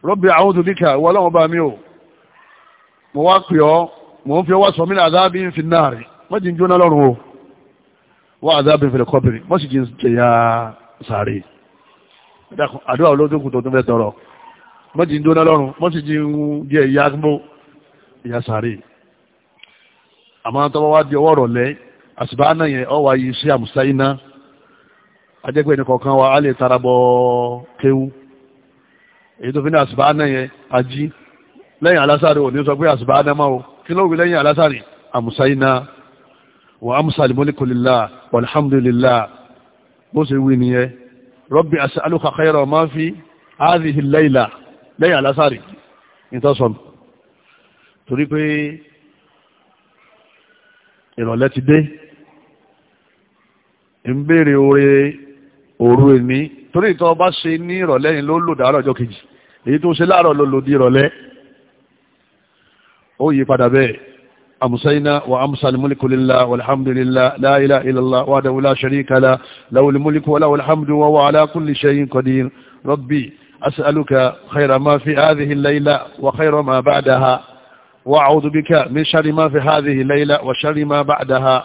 rọ́bì a'udhu bika ìwọ ọlọ́run bá mi o mo wá pè ọ́ mo ń fi ọwọ́ sọ mí ní àdábì fi náà rè wọ́n ti ń jóná lọ́rùn o wọ́n àdábì fi lè kọ́bìrì wọ́n sì ti ń jẹyà sàárè àdúrà olódókù tó tún fẹ́ tọrọ wọ́n ti ń jóná lọ́rùn wọ́n sì ti ń jẹ ìyá gbó ìyá sàárè àmọ́ tọ́wọ́ wá di ọwọ́ rọ̀lẹ́ àsìbá náà yẹn ọ wá yìí sí àmùsáyí náà kọ̀ọ̀kan wa á lè tarabọ̀ kéwú èyí tó fi ní àsùbáánà yẹn ají lẹ́yìn alásàrí òní sọ pé àsùbáánà máa o kí ló wí lẹ́yìn alásàrí àmùsáyíná wà ámùsàlì mọ́líkòlélà wàlhámdùlélà bó ṣe wí nìyẹn rọ́bì as'aluka khayra ma fi hadhihi layla lẹ́yìn alásàrí ìtọ́sọ̀nù torí pé ìrọ̀lẹ́ ti dé ń béèrè oore òru èmi torí ìtọ́ bá ṣe ní ìrọ̀lẹ́yìn ló lò dàárọ̀ ọjọ́ kejì èyí tó ṣe láàárọ̀ ló lòdì ìrọ̀lẹ́ ó yí padà bẹ́ẹ̀ أمسينا وأمسى الملك لله والحمد لله لا إله إلا الله وحده لا شريك له له الملك وله الحمد وهو على كل شيء قدير ربي أسألك خير ما في هذه الليلة وخير ما بعدها وأعوذ بك من شر ما في هذه الليلة وشر ما بعدها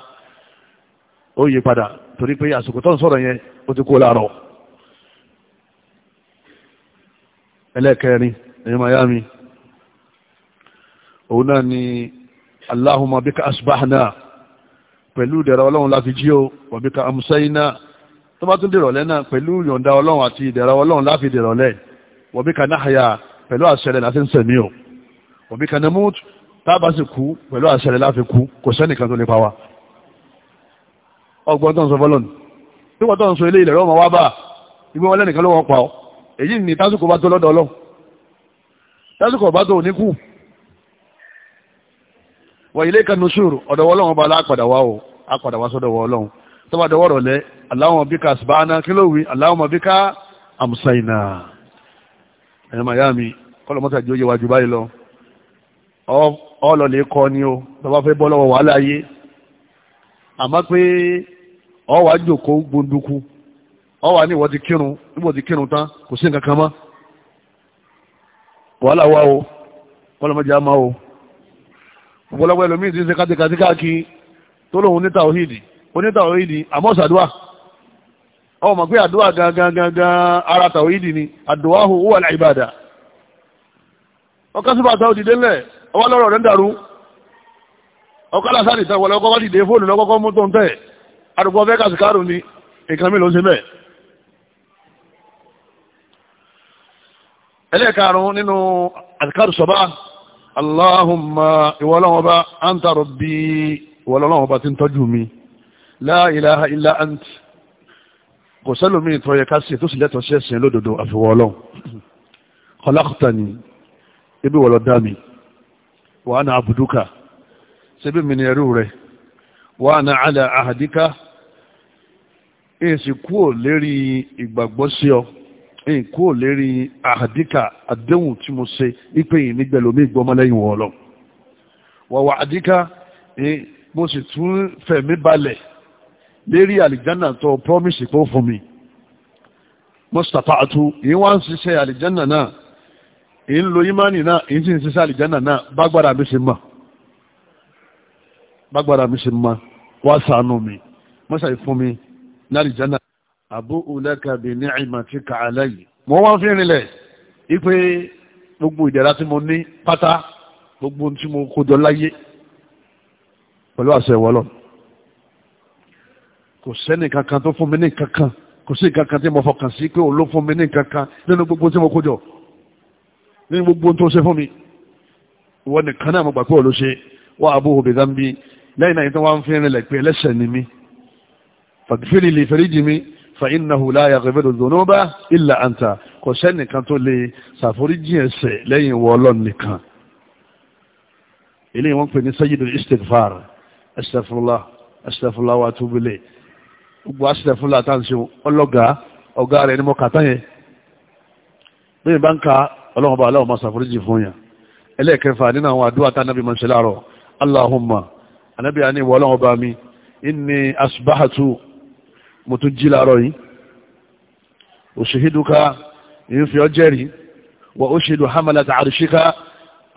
أي بدا تريد أن أسكتون صورة وتقول أروح ẹlẹ́ẹ̀kẹrin ẹ̀yìn miami òun náà ni Allahumma bika asbahna pẹ̀lú ìdẹ̀rọ ọlọ́run láti jí o wa bika amsayna tó bá tún dìrọ̀lẹ́ náà pẹ̀lú yọ̀ǹda ọlọ́run àti ìdẹ̀rọ ọlọ́run láti dìrọ̀lẹ́ wa bika nahya pẹ̀lú àṣẹrẹ láti ń sẹ̀mí o wa bika namut tábà sì kú pẹ̀lú àṣẹrẹ láti kú kò sẹ́nìkan tó lè pa wa ọgbọ́n tó ń sọ fọ́lọ́nù èyí ni tásìkò bá tó lọ́dọ̀ ọlọ́run tásìkò bá tó ò ní kú wọ ilé kan nusúrù ọ̀dọ̀ ọlọ́run bá lápadà wá o àpadà wá sọ́dọ̀ ọlọ́run tó bá dọwọ́ rọ̀ lẹ́ Allahumma bika kí ló wí Allahumma bika amsayna ẹ̀yìn miami kọ́lọ̀ mọ́tà jẹ́ òye wa jù báyìí lọ ọlọ́ lè kọ́ ni o tó bá fẹ́ bọ́ lọ́wọ́ wàhálà ayé àmọ́ pé ọ wàá jòkó gbóndúkú ọ wà ní ìwọ ti kírun níbo ti kírun tán kò sí nǹkan kan mọ́ wàhálà wà o kọlọmọdé àmà o ọ̀pọ̀lọpọ̀ ẹlòmíì ti ń ṣe kátikàtí káàkiri tó lóun ní tàwíìdì oní tàwíìdì àmọ́ ṣàdúà ọ mọ̀ pé àdúà gangan gangan ara tàwíìdì ni àdúà hù wà láìbàdà ọkọ̀ sípà tàwíìdì délẹ̀ ọwọ́ lọ́rọ̀ rẹ̀ ń dàrú ọkọ̀ lásán ìtàwọ̀lọ́kọ́ wá dìde fóònù lọ́kọ́kọ́ mú tó ń tẹ̀ àdùkọ́ fẹ́ kàṣíkárù ni nǹkan ló ń ṣe bẹ́ẹ̀ ẹlẹ́ẹ̀karùn nínú àdìkárù sọ́bá aláhùnmá ìwọlọ́wọ́ba áńtàrọ̀ bí ìwọlọ́wọ́ba ti ń tọ́jú mi la ilaha illa àǹtì kò sẹ́lòmí ìtọ́yẹ kásì tó sì lẹ́tọ̀ sí ẹ̀sìn lódodo àfiwọ́ ọlọ́run khalaqtani ebi wọ̀lọ́ dá mi wa ana abduka ṣebí mi ni lérí ìgbàgbọ́ sí ọ nkú ò lérí àdíkà àdéhùn tí mo ṣe ipe yìí nígbẹ̀lómi ìgbọ́mọlẹ́yìn wọ̀ lọ. wàwà àdíkà mo sì tún fẹ̀mí balẹ̀ lérí àlìjánà tó promise pé ó fún mi. mustapha atu yìí wá ń ṣiṣẹ́ àlìjánà náà yìí ń lo imani náà yìí sì ń ṣiṣẹ́ àlìjánà náà bágbára mi ṣe mọ̀ bágbára mi ṣe mọ̀ wá ṣàánú mi mọ́ṣáì fún mi ní àlìjánà àbú ulẹ́kàbí ní ìmọ̀tíkà aláyìí mọ́ wá fi rinlẹ̀ ipé gbogbo ìdẹ̀ra tí mo ní pátá gbogbo tí mo kójọ láyé pẹ̀lú àṣẹ ìwọ́lọ̀ kò sẹ́ni kankan tó fún mi ní kankan kò sí kankan tí mo fọkàn sí pé òun ló fún mi ní kankan nínú gbogbo tí mo kójọ nínú gbogbo tó ṣe fún mi ìwọ nìkan náà mo gbà pé òun ló ṣe wá àbúrò bèdá ń lẹ́yìn náà yìí tó wá ń fi rinlẹ̀ pé ẹlẹ́ṣẹ̀ ni mi fàtífẹ́lì lè fẹ́rí jì mí فإنه لا يغفر الذنوب إلا أنت kò sẹ́nìkan tó lè ṣàforíjì ẹ̀ṣẹ̀ lẹ́yìn Ọlọ́run nìkan eléyìí wọ́n pè ní sayyidul istighfar astaghfirullah astaghfirullah wa atubu ilayh gbogbo astaghfirullah tá à ń ṣe ọlọ́gà mo tún jí láàárọ̀ yìí òṣèhídùká yìí fi ọ jẹ́rìí wọ òṣèlú hamalata àríṣíká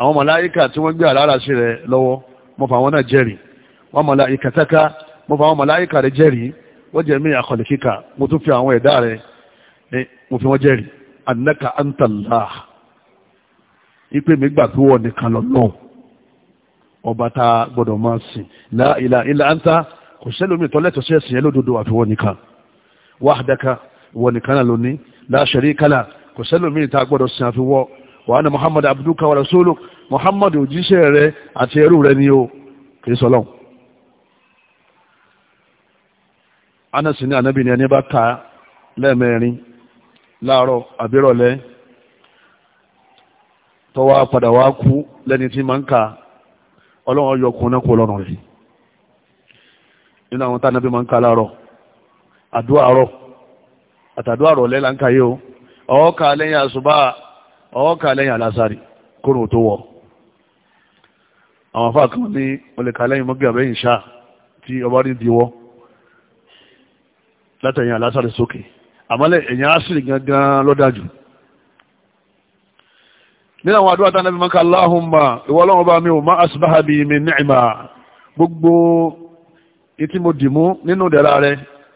àwọn màláíkà tí wọ́n gbé àlára sí rẹ̀ lọ́wọ́ mo fà wọn náà jẹ́rìí wọ́n màláíkà tákà mo fà wọn màláíkà rẹ̀ jẹ́rìí wọ́n jẹ́ mí àkọlẹ̀ kíkà mo tún fi àwọn ẹ̀dá rẹ̀ mo fi wọ́n jẹ́rìí annaka antallah ipe mi gbà pé wọ́n nìkan lọ́nà ọba ta gbọ́dọ̀ máa sìn la ilaha illa anta kò sẹ́lómi tọ́lẹ́tọ̀ sí ẹ̀sìn yẹn lódodo àfiwọ́ nìkan wáhádẹ́ka ìwọ nìkan náà lóní la sharika la kò sẹ́lómi ìta gbọ́dọ̀ sin àfiwọ́ wàhánà muhammad abduka wa rasuluk muhammad òjíṣẹ́ rẹ àti ẹrú rẹ ni o kì í sọlọ́n. anasi ní anabi ni ẹni bá ka lẹ́ẹ̀mẹrin láàárọ̀ àbírọ̀lẹ́ tọ́wọ́ padà wá kú lẹ́ni tí máa ń ka ọlọ́run yọkùn náà kó lọ́rùn rẹ̀ nínú àwọn tánàbí máa ń ká láàárọ̀ àdúrà àárọ̀ àtàdúrà àárọ̀ lẹ́la ń ka yìí o ọ̀ọ́ka lẹ́yìn àṣùbà ọ̀ọ́ka lẹ́yìn àlásàrì kóró tó wọ̀ àwọn afá kan ní olèka lẹ́yìn mọ́gí àbẹ́yìn ṣá tí ọba rí diwọ́ látẹ̀yìn àlásàrì sókè àmọ́lẹ̀ ẹ̀yìn àṣírí gangan lọ́dájú nínú àwọn àdúrà tánàbí máa ń ká Allahumma ìwọ́lọ́wọ́ bá mi ò má asbaha bi min ni'ma gbogbo ìtí mo dìmú nínú dẹ̀ra rẹ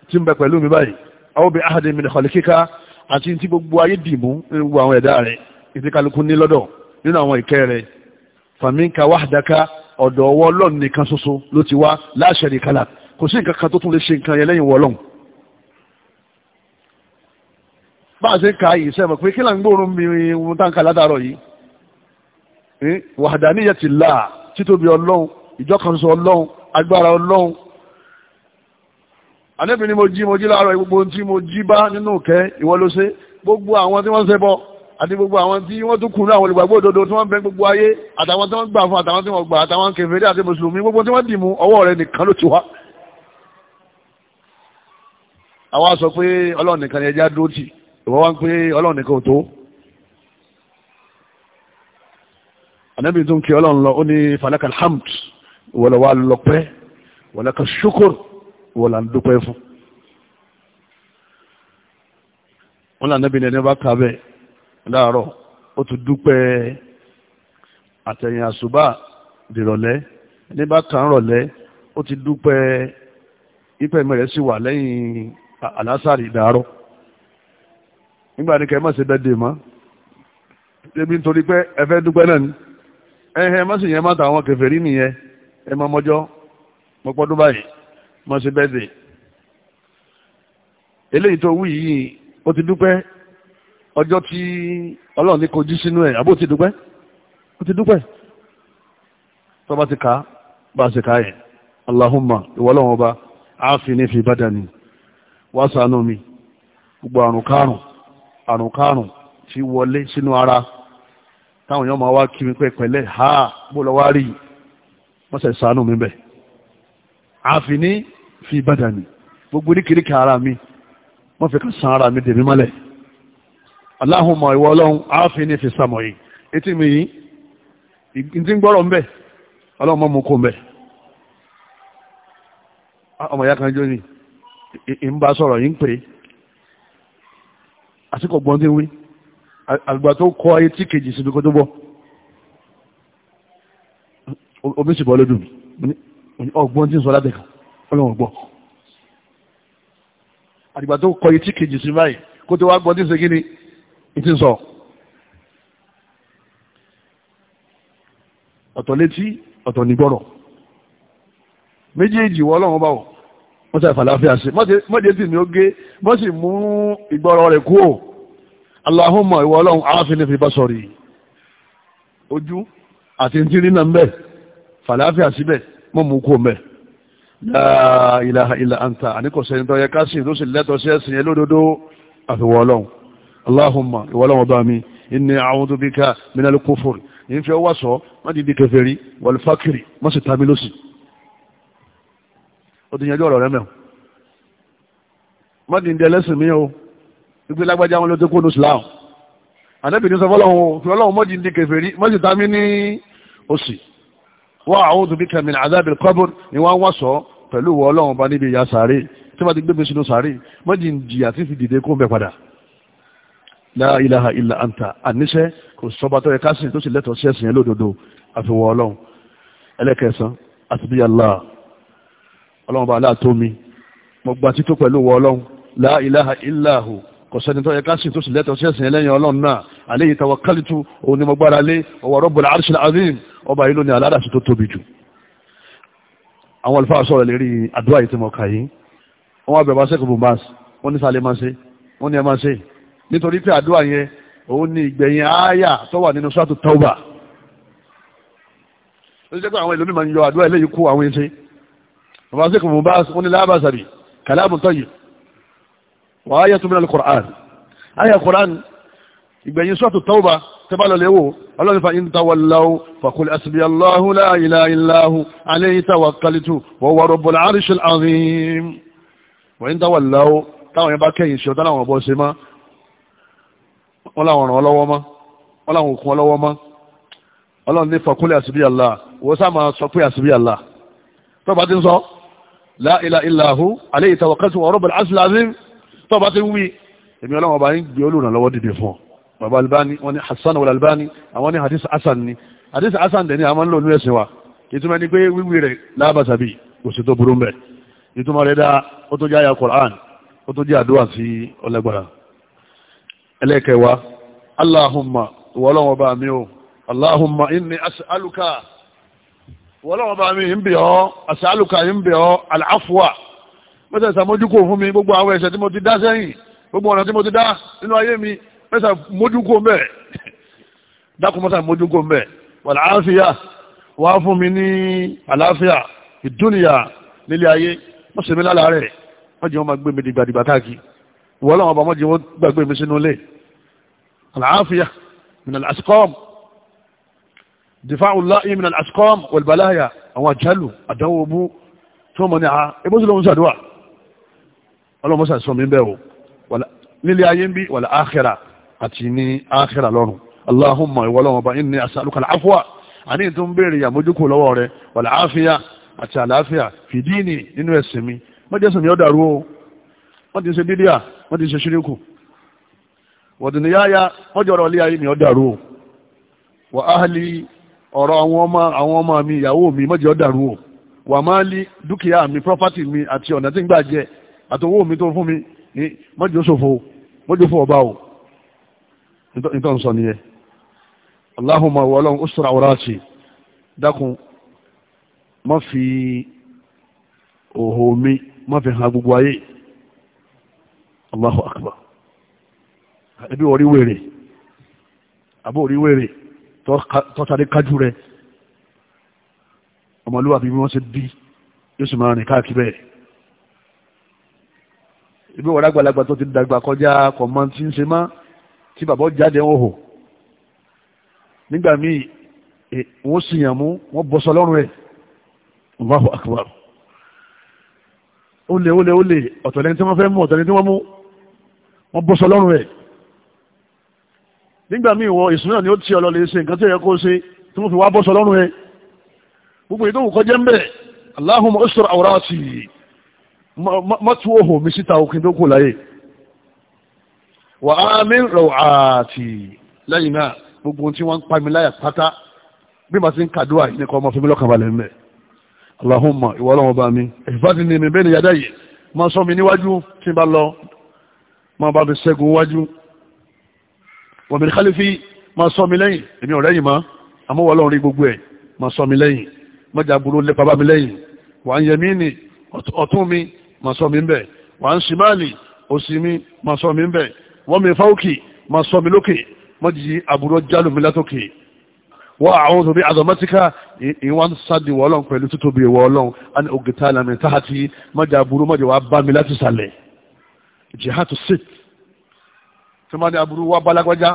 tí ń bẹ pẹ̀lú mi báyìí àwọn obìnrin ahadi mi nìkan kíká àti tí gbogbo ayé dìmú nínú gbogbo àwọn ẹ̀dá rẹ ìtí kálukú ní lọ́dọ̀ nínú àwọn ìkẹ́ rẹ fàmíǹkà wàhádàká ọ̀dọ̀ ọwọ́ ọlọ́run nìkan ṣoṣo ló ti wá láṣẹ nìkálà kò sí nǹkan kan tó tún lè ṣe nǹkan yẹn lẹ́yìn wọlọ́run bá a ṣe ń ka yìí pé kí là ń gbóòórùn mi ohun tá ń ka látàárọ̀ yìí wàhádà níyẹn ti là títóbi ọlọ́run ìjọkànṣe ọlọ́run agbára ọlọ́run ànábì ni mo jí mo jí láàárọ̀ gbogbo tí mo jí bá nínú kẹ́ ìwọ ló ṣe gbogbo àwọn tí wọ́n ṣe bọ́ àti gbogbo àwọn tí wọ́n tún kùnú àwọn olùgbàgbọ́ òdodo tí wọ́n bẹ gbogbo ayé àtàwọn tí wọ́n gbà fún àtàwọn tí wọ́n gbà àtàwọn kèfèrí àti mùsùlùmí gbogbo tí wọ́n dì mú ọwọ́ rẹ nìkan ló ti wá. àwa sọ pé ọlọ́run nìkan ni ẹja dúró tì ìwọ wá ń pé ọlọ́run nìkan ò tó. ànábì tún kí ọlọ́run lọ ó ní falaka alhamd wọlọ́wà lọ́pẹ́ wọlọ́ka ṣukur wọ́n là ń fún wọ́n là nẹ́bí lẹ́ni bá ka bẹ́ẹ̀ láàárọ̀ ó ti dúpẹ́ àtẹ̀yìn àṣùbà dìrọ̀lẹ́ ní bá kàn rọ̀lẹ́ ó ti dúpẹ́ ipẹ́ mẹ́rẹ̀ sí wà lẹ́yìn àlásàrì ìdárọ̀ nígbà ní kẹ́mọ́ sí dẹ́dẹ̀ mọ́ yẹn ta àwọn ẹ mọ̀ sí bẹ́ẹ̀dẹ̀ eléyìí tó wí yìí ó ti dúpẹ́ ọjọ́ tí ọlọ́run ní kojú sínú ẹ̀ àbó ti dúpẹ́ ó ti dúpẹ́ tó bá ti ká bá ṣe ká yẹn Allahumma ìwọ́lọ́wọ́n ọba àáfin fi badani wá ṣàánú mi gbogbo àrùn kárùn àrùn kárùn ti wọlé sínú ara táwọn èèyàn máa wá kí mi pẹ́ pẹ́lẹ́ ha bó lọ wá rí wọ́n ṣe ṣàánú mi bẹ́ẹ̀ àfiní fi badani gbogbo oríkèéríkèé ara mi wọ́n fi kàn san ara mi dèmí mọ́lẹ̀ aláhùnmọ̀ ìwọ ọlọ́run àfiní fi sàmọ̀ yìí etí mi yìí ìdí ń gbọ́rọ̀ ń bẹ̀ ọlọ́run mọ́ mú kó ń bẹ̀ ọmọ ìyá kan jó ni ń bá sọ̀rọ̀ yìí ń pè é àsìkò gbọ́n tí wí àgbà tó kọ etí kejì síbi kó tó bọ́ omi sì bọ́ lódùn mi ọgbọ́n tí ń sọ lábẹ́ kan ọlọ́run gbọ́ àdìgbà tó kọ etí kejì sí báyìí kó tó wá gbọ́ tí ń ṣe kí ni ìtì ń sọ ọ̀tọ̀ létí ọ̀tọ̀ nígbọ́rọ̀ méjèèjì wọ ọlọ́run bá wọ̀ wọ́n sáré fàlàáfíà sí mọ́jẹ́ tì ni ó gé wọ́n sì mú ìgbọ́rọ̀ rẹ̀ kú ò Allahumma ìwọ ọlọ́run aláfin ní fi sọ̀rọ̀ yìí ojú àti ntìrínà ń bẹ̀ fàlàáfíà síbẹ̀ mọ́ mú kó mẹ́ la ilaha illa anta àníkọ̀sẹ́ ní tọ́yẹ kásìn tó sì lẹ́tọ̀ sí ẹ̀sìn elódodo àfiwọ́ ọlọ́run aláhùnmá ìwọ́lọ́wọ́ bá mi inni a'udhu bika minal kufur ní fi ọwọ́ sọ má dìdí kèfèrí wal fakiri má sì tàbí lọ́sì ó ti yanjú ọ̀rọ̀ rẹ mẹ́wọ̀n má dìdí ẹlẹ́sìn mi ní òsì wọ́n a'udhu bika min adhabil qabr ni wọ́n wá sọ pẹ̀lú wọ ọlọ́run bá níbi ìyá sàárè tí wọ́n ti gbé mi sínú sàárè mọ́jì ń jìyà tí fi dìde kó ń bẹ padà la ilaha illa anta àníṣẹ́ kò sọba tó yẹ kásìn tó sì lẹ́tọ̀ọ́ sí ẹ̀sìn lódodo àfiwọ́ ọlọ́run ẹlẹ́kẹsàn àti bí Allah ọlọ́run bá aláàtó mi mo gba tító pẹ̀lú ọlọ́run la ilaha illa kò sẹ́ni tó yẹ ká sì tó sì lẹ́tọ̀ọ́ sí ẹ̀sìn ẹlẹ́yìn ọlọ́run náà alayhi tawakkaltu òun ni mo gbára lé ọwọ́ rabbul arshil azim ọba yìí ló ní aládàsí tó tóbi jù àwọn olùfà sọ̀rọ̀ lérí àdúrà yìí tí mo kà yìí wọ́n wá bẹ̀rẹ̀ sẹ́kù bùnbà wọ́n ní sálẹ̀ máa ṣe wọ́n ní ẹ máa ṣe nítorí pé àdúrà yẹn òun ní ìgbẹ̀yìn ááyà tó wà nínú sọ́ọ̀tù tọ́wà ó àwọn ìlú wà á yẹ tó mìíràn Qur'an ayé Qur'an ìgbẹ̀yìn sọ́ọ̀tù tọ́wọ́bà tẹ́bàlọ̀ lẹ́wọ́ ọlọ́run fa in tawallaw faqul hasbiyallahu la ilaha illa hu alayhi tawakkaltu wa huwa rabbul arshil azim wa in tawallaw táwọn yẹn bá kẹ́yìn ṣe ọ̀tá wọ́n wọ́n láwọn òkun ọlọ́wọ́ tó bá ti ń wí èmi ọlọ́run ọba ń gbé olùrànlọ́wọ́ dìde fún ọ bàbá albani wọn ni hasan wọlé albani àwọn ni hadith hasan ni hadith hasan dẹ̀ ni àwọn lò ní ẹ̀sìn wa ìtumọ̀ ni pé wíwí rẹ̀ lábàṣàbí kò sí tó burú mbẹ̀ ìtumọ̀ rẹ̀ dá ó tó jẹ́ àyà Qur'an ó tó jẹ́ àdúrà sí ọlẹ́gbàrà ẹlẹ́kẹ̀wá allahumma wọlọ́wọ́ bá mi o allahumma inni as'aluka wọlọ́wọ́ bá mi ń bẹ̀ ọ́ as'aluka ń bẹ̀ ọ́ al mẹ́sà ìsàmójúkò fún mi gbogbo àwọn ẹ̀ṣẹ̀ tí mo ti dá sẹ́yìn gbogbo ọ̀nà tí mo ti dá nínú ayé mi mẹ́sà mójúkò mẹ́ dákun mẹ́sà mójúkò mẹ́ wà láàáfíà wà fún mi ní àlàáfíà ìdúnìyà nílé ayé mọ́sẹ̀ mi lálàá rẹ̀ wọ́n jẹ́ wọ́n máa gbé mi dìgbàdìgbà káàkiri ìwọ́ lọ́wọ́ bá wọ́n jẹ́ gbàgbé mi sínú ilé àlàáfíà min al-asqam difa'u llahi min al àwọn àjálù àdánwò mú tí wọ́n mọ̀ ní àá ah, ebó sí lóun ṣàdúrà ọlọ́mọsà sọ mi bẹ́ẹ̀ o nílé ayé ń bí wàlá áhẹ́rà àti ní áhẹ́rà lọ́rùn aláhùnmá ìwọlọ́wọ́n bá ní asàlùkà àfọ́à àní tó ń béèrè àmójúkò lọ́wọ́ rẹ wàlá áfíà àti àlàáfíà fìdíìnì nínú ẹ̀sìn mi wọ́n jẹ́ sùn ní ọ̀dàrú o wọ́n ti ṣe bídíà wọ́n ti ṣe ṣíríkù wọ̀dùnìyáyá wọ́n jọ̀rọ̀ ilé ayé mi ọ̀dàrú àtọwọ́ mi tó fún mi ní mọ́jọ́ sòfò mọ́jọ́ fún ọba o nítorí sọ nìyẹn Allahumma wọ ọlọ́run ó sọ̀rọ̀ àwòrán àti dákun má fi òhò mi má fi hàn gbogbo ayé Allahu akbar ẹbí wọ́n wèrè àbó rí wèrè tọ́tàdé kájú rẹ̀ ọmọlúwàbí wọ́n ṣe bí yóò sì máa rìn káàkiri bẹ́ẹ̀ ibi wọ́n lágbàlagbà tó ti dàgbà kọjá kọ̀mọ́ tí ń ṣe mọ́ tí bàbá jáde ń hò nígbà míì e, wọ́n sì yàn mú wọ́n bọ́sọ lọ́rùn ẹ̀ Allahu akbar ó lè ó lè ó lè ọ̀tọ̀lẹ́ni tí wọ́n fẹ́ mú ọ̀tọ̀lẹ́ni tí wọ́n mú wọ́n bọ́sọ lọ́rùn ẹ̀ nígbà míì wọ ìsúná ni ó ti ọlọ́lẹ̀ ṣe nǹkan tó yẹ kó ṣe tí wọ́n fi wá bọ́sọ lọ́rùn ẹ̀ gbogbo ìdóhùn kọjá ń bẹ̀ Allahumma ustur awrati mọ́tú ohun mi síta òkè tó kò láyé wà á mi rọ̀ àti lẹ́yìn náà gbogbo tí wọ́n ń pa mi láyà pátá bí màá ti ń kàdúrà yìí nìkan ọmọ fún lọ́kàn balẹ̀ mẹ́ Allahumma ìwọ ọlọ́wọ́ bá mi ìfàtí ni mi bẹ́ẹ̀ ni yàdá yìí máa sọ mi níwájú tí n bá lọ máa bá mi ṣẹ́gun wájú wọ́n mi kálífì máa sọ mi lẹ́yìn èmi ọ̀rẹ́ yìí má àmọ́ wọ́n lọ́rin gbogbo ẹ̀ máa sọ mi lẹ́yìn mọ́jà burú lépa bá mi lẹ́yìn wà á yẹ mí ni ọ̀tún mi máa ṣọ́ wa ń bẹ̀ wà ń sì máàlì òsì mi máa ṣọ́ mi ń bẹ̀ wọ́n mi fáwọ́kì máa ṣọ́ mi lókè mọ́jì àbúrò jálù mi látòkè wọ́n àwọn òbí àdọ̀mọ́tíkà ìwọ́n sáàdì wọ́ ọlọ́run pẹ̀lú títóbi ìwọ́ ọlọ́run á ní ògìtá ìlànà táàtì mọ́jà àbúrò mọ́jà wà bá mi láti jihatu sit tí wọ́n ní àbúrò wà balagbájá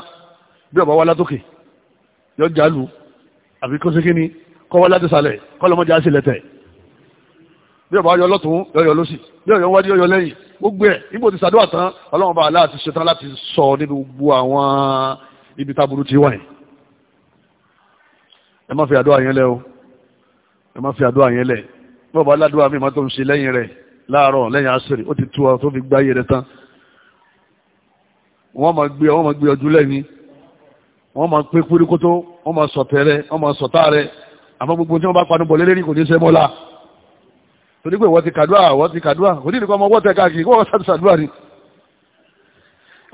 bí ọba wà látòkè yọ jálù àbí kó sí kíní kọ́ wà láti sàlẹ̀ kọ́ lọ́mọ́jà bí ọba yọ lọ́tún yọyọ lọ́sì yọyọ wájú yọyọ lẹ́yìn gbogbo ẹ̀ níbo ti sàdúrà tán ọlọ́run bá aláà ti ṣetán láti sọ níbi gbogbo àwọn ibi táburú ti wáyìn ẹ má fi àdúrà yẹn lẹ o ẹ má fi àdúrà yẹn lẹ bí ọba aládùúrà mi máa tó ń ṣe lẹ́yìn rẹ̀ láàárọ̀ lẹ́yìn àṣírí ó ti tú ọ tó fi gbá yẹrẹ tán wọ́n máa gbé wọ́n máa gbé ọdún lẹ́ni wọ́n máa pé kúrikótó wọ́n máa sọ̀tẹ̀ rẹ̀ wọ́n máa sọ̀tà rẹ̀ àmọ́ gbogbo tí wọ́n bá panu bọ̀ lélẹ́rìí kò ní sẹ́mọ́lá torí pé wọ́n ti kàdúrà wọ́n ti kàdúrà kò ní nìkan ọmọ ọwọ́ tẹ káàkiri kó wọ́n sáà ti sàdúrà ni.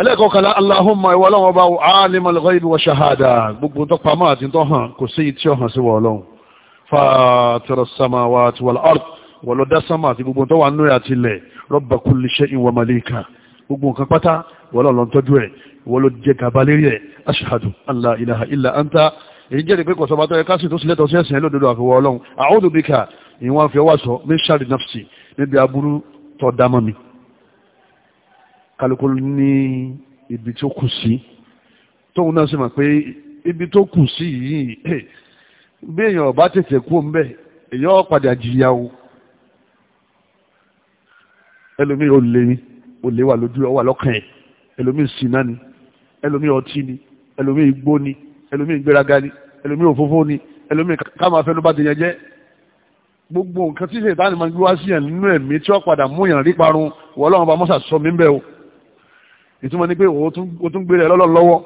ẹlẹ́kọ̀ọ́kànlá aláhùnmá ìwọ ọlọ́run ọba alim al-ghaybi wa shahada gbogbo tó pamọ́ àti tó hàn kò sí tí ó hàn sí wọ́n ọlọ́run fàtẹ̀rẹ̀ samawati gbogbo tó wà ìwọ́n fi ọwọ́ sọ ní sáré nafsi níbi aburú tọ́ dámọ́ mi kálukú ní ibi tó kù sí tóun náà sì mọ̀ pé ibi tó kù sí yìí eh, bí èèyàn ọba tètè kú ń bẹ̀ èèyàn padà jìyà o ẹlòmíì ò lè ní ò lè wà lójú ọwà lọ́kàn ẹ̀ ẹlòmíì ṣìnà ni ẹlòmíì ọtí ni ẹlòmíì igbó ni ẹlòmíì ìgbéraga ni ẹlòmíì òfófó ni ẹlòmíì ká máa gbogbo nǹkan tí ṣètánì máa ń gbé wá sí yàn nínú ẹ̀mí tí wọ́n padà mú yàn rí parun wọ́n lọ́wọ́ bá mọ́sà sọ mí bẹ́ẹ̀ o ìtumọ̀ ni pé o tún gbé rẹ̀ lọ́lọ́ lọ́wọ́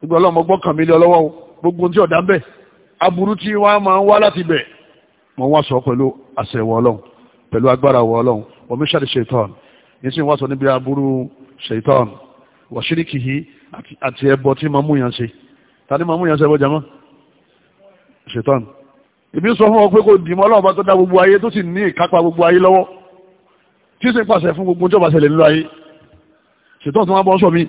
gbogbo ọlọ́mọ gbọ́ kàn mí lé ọlọ́wọ́ o gbogbo tí ọ̀dà ń bẹ̀ aburú tí wọ́n máa ń wá láti bẹ̀ mọ̀ wọ́n sọ pẹ̀lú àṣẹ wọ ọlọ́run pẹ̀lú agbára wọ ọlọ́run omi ṣàdé ṣètọ́n ní sì wọ́n sọ níbi aburú ṣètọ́n wọ̀ṣíríkìhí àti ẹbọ tí máa mú yàn ṣe èmi sọ fún ọ pé kò dìmọ́ ọlọ́run bá tó dá gbogbo ayé tó sì ní ìkápá gbogbo ayé lọ́wọ́ tí ó sì ń pàṣẹ fún gbogbo ìjọba ṣẹlẹ̀ nílò ayé ṣètò tó wọn bọ́ sọ mi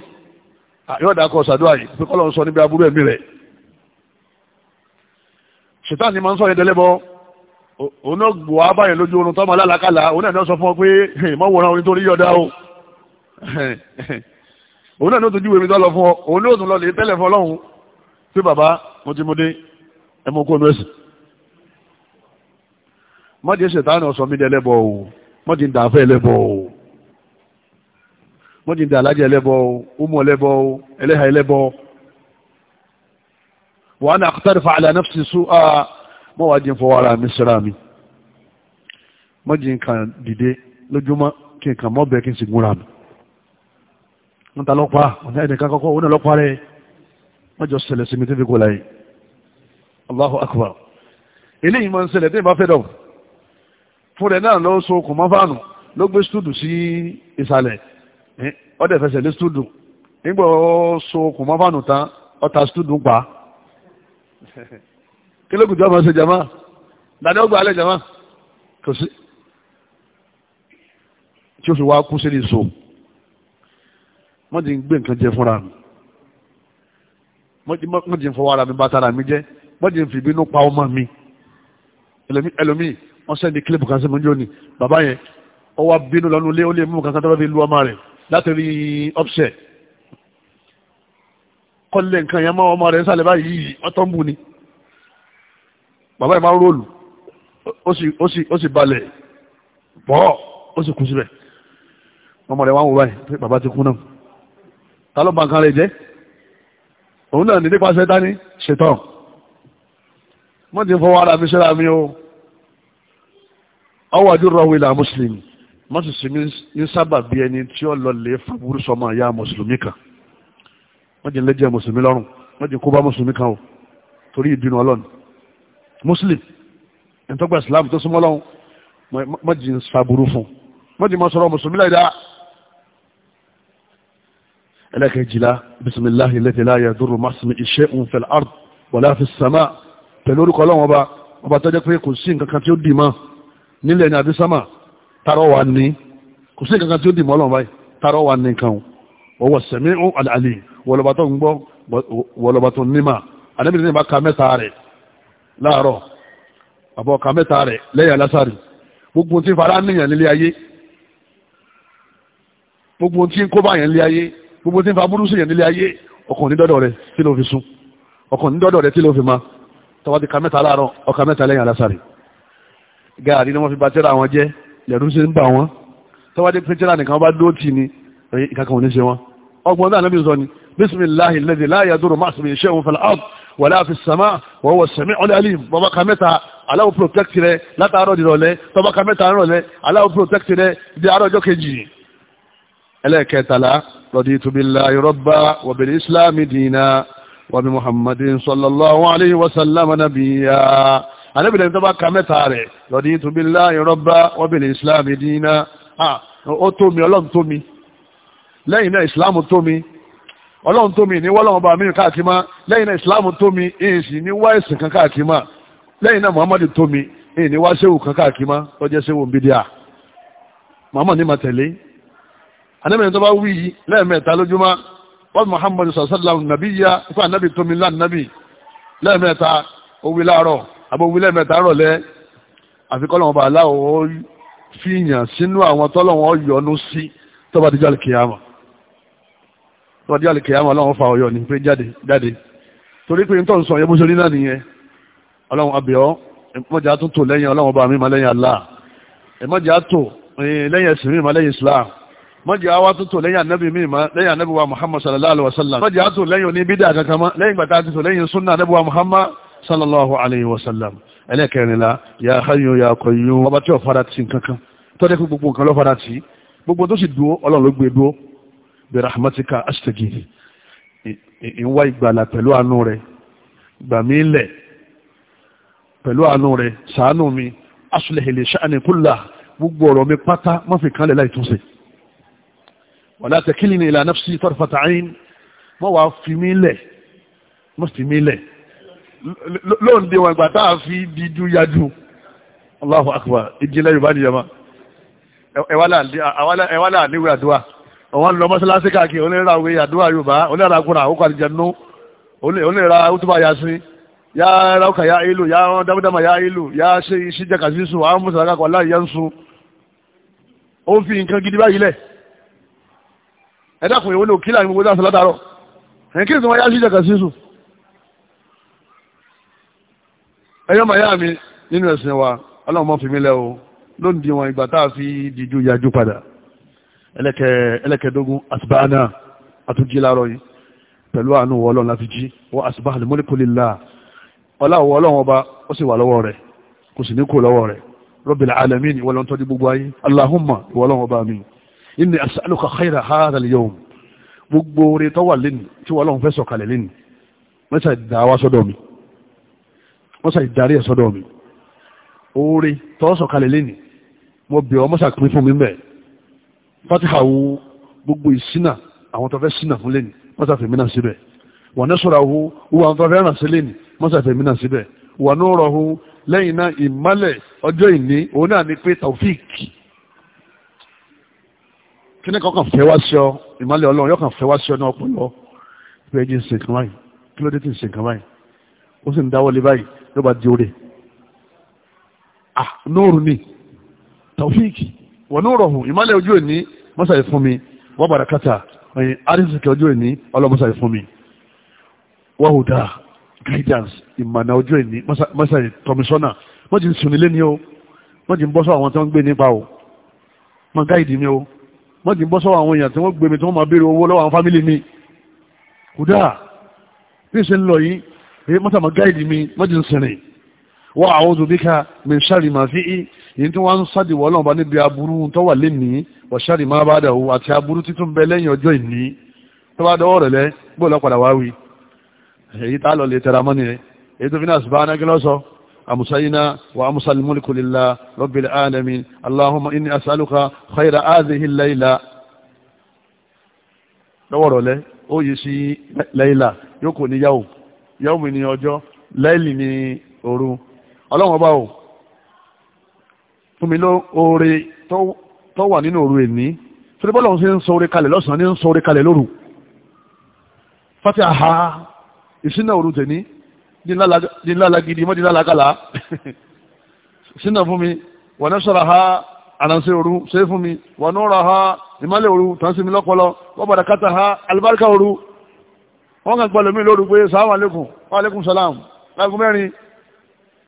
yóò dà kọ ṣàdúrà yìí pé kọ́lọ́run sọ níbi aburú ẹ̀mí rẹ̀ ṣètò ni máa ń sọ yẹn dẹ́lẹ́bọ òun náà gbò á báyìí lójú oorun tọ́mọ alálàkàlà òun náà sọ fún ọ pé mọ́wòrán orin tó rí yọ̀dá o òun náà ló tún júwèé mi tọ́ lọ fún ọ òun ló tún lọ lè tẹ́lẹ̀ fún ọlọ́run pé bàbá mo ti mú dé ẹ mú kó nú ẹ̀sìn mọ́jì ṣètánù ọ̀sọ̀ mi dẹ́lẹ́bọ̀ o mọ́jì ń dàáfẹ́ ẹlẹ́bọ̀ o mọ́jì ń dà alájẹ ẹlẹ́bọ̀ o umu ẹlẹ́bọ̀ o ẹlẹ́ha ẹlẹ́bọ̀ wà á ní àkútàrífà àlẹ́ anáfíìsì sùn á mọ́ wàá jí ń fọwọ́ ara mi síra mi mọ́jì nǹkan dìde lójúmọ́ kí nǹkan mọ́ bẹ́ẹ̀ kí n sì gúnra mi wọ́n ta lọ́pàá ọ̀nà ẹnìkan kọ́kọ́ òun náà lọ́pàá rẹ̀ wọ́n jọ sí mi tó fi kó láyé Allahu akbar eléyìí máa ń ṣẹlẹ̀ tí fún rẹ̀ náà ló so okùn mọ́ fáànù ló gbé stúdù sí ìsàlẹ̀ ọ̀dẹ̀ fẹsẹ̀ lé stúdù nígbà ó so okùn mọ́ fáànù tán ọ̀tà stúdù pa kí ló kùjọ́ máa ṣe jama dàdé ọgbà alẹ́ jama kò sí tí ó fi wá kú sí ní so wọ́n ti ń gbé nǹkan jẹ fúnra mi wọ́n ti ń fọwọ́ ara mi bá tara mi jẹ́ wọ́n ń fi ìbínú pa ọmọ mi ẹlòmíì wọ́n sẹ́ndì kílípù kan sí mi jóni bàbá yẹn ó wá bínú lọ́nu lé ó lè mú kankan tó bá fi lu ọmọ rẹ̀ látàrí ọ́pṣẹ̀ kọ́lé nǹkan yẹn mọ́ ọmọ rẹ̀ sálẹ̀ báyìí ọtọ́ ń bù ni bàbá yẹn máa ń róòlù ó sì balẹ̀ bọ́ ó sì kú síbẹ̀ ọmọ rẹ̀ wá ń wò báyìí pé bàbá ti kú náà ta ló ba nǹkan rẹ̀ jẹ́ òun náà ní nípasẹ̀ dání ṣètọ́ mọ́ fọwọ́ ara mi ṣẹ́ra mi o ọwọ́ àdúrà wílà mùsùlùmí mọ́sùsùmí ní sábà bí ẹni tí ó lọ lè fàbúrú sọmọ àyà mùsùlùmí kan wọ́n jẹ́ lẹ́jẹ́ mùsùlùmí lọ́rùn wọ́n jẹ́ kó bá mùsùlùmí kan o torí ìbínú ọlọ́run mùsùlùmí ẹni tó gba islam tó súnmọ́ lọ́run wọ́n jẹ́ fàbúrú fún wọ́n jẹ́ máa sọ̀rọ̀ mùsùlùmí láìdá ẹlẹ́kẹ̀jìlá bisimilahi lẹ́tẹ̀lá yẹ dúró másìmí iṣẹ́ òǹfẹ̀lá àrùn wọ̀lá fi sàmà pẹ̀lú orúkọ ọlọ́run ọba nílẹ̀ ní àbísámà tarọ́ wa ní kò sí kankan tí ó dìmọ́ ọlọ́run báyìí tarọ́ wa ní kan ọwọ́ sẹ̀mí ó àlàlì wọlọ́ba tó ń gbọ́ wọlọ́ba tó nímà àdébìnrin ní ìbá ka mẹ́ta rẹ̀ láàárọ̀ àbọ̀ ka mẹ́ta rẹ̀ lẹ́yìn alásàrì gbogbo tí fara níyàn nílé ayé gbogbo tí kó bá yàn nílé ayé gbogbo tí fa burúkú yàn nílé ayé ọkàn ní dọ́dọ̀ rẹ̀ tí ló fi sùn ọkàn ní dọ́dọ̀ rẹ̀ tí ló fi ma tọ́wọ́ ti ka mẹ́ta láàárọ̀ ọkà mẹ́ta lẹ́yìn alásàrì gaari ni wọ́n fi ba tẹ́ra wọn jẹ́ lẹ́rú sí ń bà wọ́n tọ́wádé pé tẹ́ra nìkan bá dúró tì ní ìkàkàn ò ní ṣe wọn ọgbọ́n náà níbi sọ ni bisimilahi lẹ́dí láyà dúró máa sọ̀rọ̀ iṣẹ́ òun fẹ́lẹ́ out wà láàfin sàmà wọ́n wọ sẹ̀mí ọ̀lẹ́lì bọ́bákà mẹ́ta aláwọ̀ protect rẹ látàárọ̀ nírọ̀lẹ́ tọ́bákà mẹ́ta nírọ̀lẹ́ aláwọ̀ protect rẹ di àárọ̀ ọjọ́ kejì ẹlẹ́ẹ̀kẹtàlá raditu billahi rabba wa bil islami dina wa bi muhammadin sallallahu alayhi wa sallam nabiyya anábìlẹ̀ tó bá ka mẹ́ta rẹ̀ lọ́dí tó bí láàyè rọ́bà wọ́n bèèrè islam dínà ó tó mi ọlọ́run tó mi lẹ́yìn náà islam tó mi ọlọ́run tó mi ní wọ́lọ́run bá mi káàkiri mọ́ lẹ́yìn náà islam tó mi èyí sì ní wá ẹ̀sìn kan káàkiri mọ́ lẹ́yìn náà muhammadu tó mi èyí ní wá séwù kan káàkiri mọ́ ó jẹ́ séwù bídíà muhammad ní ma tẹ̀lé anábìlẹ̀ tó bá wí yìí lẹ́ẹ̀mẹ́ta lójúmọ́ wọ́n muhammadu sallallahu nàbíyá fún anábì tó mi lánàbì abówilẹ̀ mẹ́ta rọ̀lẹ́ àfi kọ́lọ́wọ́n bá aláwọ̀ fìyàn sínú àwọn tọ́lọ́wọ́n yọnu sí tọ́ba díjọ́ àlìkèyàmà tọ́ba díjọ́ àlìkèyàmà ọlọ́wọ́n fa ọyọ ní pé jáde jáde torí pé nítorí sọ yẹn bó náà nìyẹn ọlọ́wọ́n abẹ́ọ́ mọ́jà tó tò lẹ́yìn ọlọ́wọ́n bá mi má lẹ́yìn Allah mọ́jà tó lẹ́yìn ẹ̀sìn mi má lẹ́yìn Islam mọ́jẹ́ wá tó tò lẹ́yìn anábì mi ma lẹ́yìn anábì wa muhammad sallallahu alaihi wasallam mọ́jẹ́ tó lẹ́yìn oní bídà kankan ma lẹ́yìn gbàtà tó lẹ́yìn sunna anábì wa muhammad sallallahu alayhi wa sallam ẹlẹ́kẹrìnlá ya hayyu ya qayyum ọba tí ó fara ti kankan tó dẹ́kun gbogbo nǹkan ló fara ti gbogbo tó sì dúó ọlọ́run ló gbé e dúó bi rahmatika astaghi ìwá ìgbàlà pẹ̀lú àánú rẹ̀ gbàmí ilẹ̀ pẹ̀lú àánú rẹ̀ ṣàánú mi aslih li sha'ni kullah gbogbo ọ̀rọ̀ mi pátá má fi kánlẹ̀ láì túnṣe wala takilni ila nafsi tarfata ayn mọ́ wàá fi mí lẹ̀ mọ́ fi mí lẹ̀ lóun dé wọn ìgbà tá a fi dídú yájú Allahu akbar ìjìnlẹ̀ yorùbá ni yẹma ẹwà láà níwé àdúrà àwọn lọ mọ́sálásí káàkiri onírà òwe àdúrà yorùbá onírà kúrà ó kàdìjẹ nú onírà útúbà yasin ya ráùkà ya ìlú ya dámúdámà ya ìlú ya ṣe iṣẹ́ jẹ́kàsísù àwọn mùsàlákà kọ̀ láì yẹn sun ó fi nǹkan gidi báyìí lẹ̀ ẹ̀dá kùnrin wọn ni òkìlà ní gbogbo dáṣọ látàrọ̀ ẹ̀kí ìsìn wọn ya ṣe jẹ́kàsísù ẹyọ́ màyá mi nínú ẹ̀sìn wa ọlọ́run mọ́ fi mí lẹ́ o ló ń di wọn ìgbà tá a fi dìjú yájú padà ẹlẹ́kẹ̀ẹ́dógún asibáàná àtúnjí láàárọ̀ yìí pẹ̀lú àánú wọlọ́n láti jí wọ́n asibá àlùmọ́lẹ́kọ́lélá ọláwọ̀ ọlọ́run ọba ó sì wà lọ́wọ́ rẹ̀ kò sì ní kú lọ́wọ́ rẹ̀ rọ́bìlà alamin ìwọlọ́n tọ́jú gbogbo ayé aláhùnmá ìwọlọ́run wọ́n sà ìdarí ẹ̀ sọ́dọ̀ mi oore tọ́sọ̀ kalẹ̀ lẹ́nì mo bẹ̀ ọ́ mọ́sà pín fún mi mẹ́ fatiha wo gbogbo ìṣínà àwọn tó fẹ́ ṣínà fún lẹ́nì mọ́sà fèmí náà síbẹ̀ wọ́n ní sọ̀rọ̀ wo wo àwọn tó fẹ́ ràn sí lẹ́nì mọ́sà fèmí náà síbẹ̀ wọ́n ní rọ̀ wo lẹ́yìn náà ìmálẹ̀ ọjọ́ ìní òun náà ni pé taofik kí ni kankan fẹ́ wá sí ọ ìmálẹ̀ ọlọ́run yóò kàn fẹ́ wá sí ọ náà pẹ̀lú ọ pé ẹ jẹ́ ìsìnkàn báyìí kí ló dé tí ìsìnkàn báyìí ó sì ń dáwọ́ lé báyìí ló bá di orí ah nóòrù ni tàwíìkì wọ́n ní rọ̀hùn ìmọ́lẹ̀ ojú òní mọ́sàáyé fún mi wọ́n bàrà kàtà ọ̀yìn àrísìkì ojú òní ọlọ́mọ́sàáyé fún mi wọ́n hù dáa guidance ìmọ̀nà ojú òní mọ́sàáyé tọmísọ́nà wọ́n ti ń sùn nílé ni o wọ́n ti ń bọ́ sọ́wọ́ àwọn tí wọ́n ń gbé nípa o wọ́n gáìdì mi o wọ́n ti ń bọ́ sọ́wọ́ àwọn èèyàn tí wọ́n gbé mi tí wọ́n máa èyí mọ́tà mọ́ gáìdì mi mọ́jì ń sìnrìn wọ́n àwọn òdòdíkà mi ṣàrì màá fi yìí tí wọ́n ń sádìwọ́ ọlọ́run bá níbi aburú tó wà lénìí wọ́n ṣàrì máa bá dà o àti aburú títún bẹ lẹ́yìn ọjọ́ ìní tó bá dọwọ́ rẹ̀ lẹ́ gbọ́dọ̀ padà wá wí èyí tá lọ lè tẹra mọ́ nìyẹn èyí tó fi náà sì bá anágẹ́lọ́sọ أمسينا وأمسى الملك لله رب العالمين اللهم إني أسألك خير هذه الليلة دوروا لي أو يسي ليلة يكون يوم yọ́mù ni ọjọ́ lẹ́yìn ni òru ọlọ́run ọba o fún mi ló oore tó wà nínú òru èní torí bọ́lá òun ṣe ń sọ oore kalẹ̀ lọ́sàn-án ní ń sọ oore kalẹ̀ lóru fati aha ìṣínà òru tèmi ní gidi mọ́ di ńlála kala ṣínà fún mi wọ́n náà sọ̀rọ̀ ha àránṣẹ́ òru ṣe fún mi wọ́n náà rà ha ìmálẹ̀ òru tàǹsí mi lọ́pọ̀lọ́ wọ́n bàdà kátà ha alibarika òru wọ́n kàn gbọ́ lómi lóru pé sàlámù aleykum wa aleykum salam láago mẹ́rin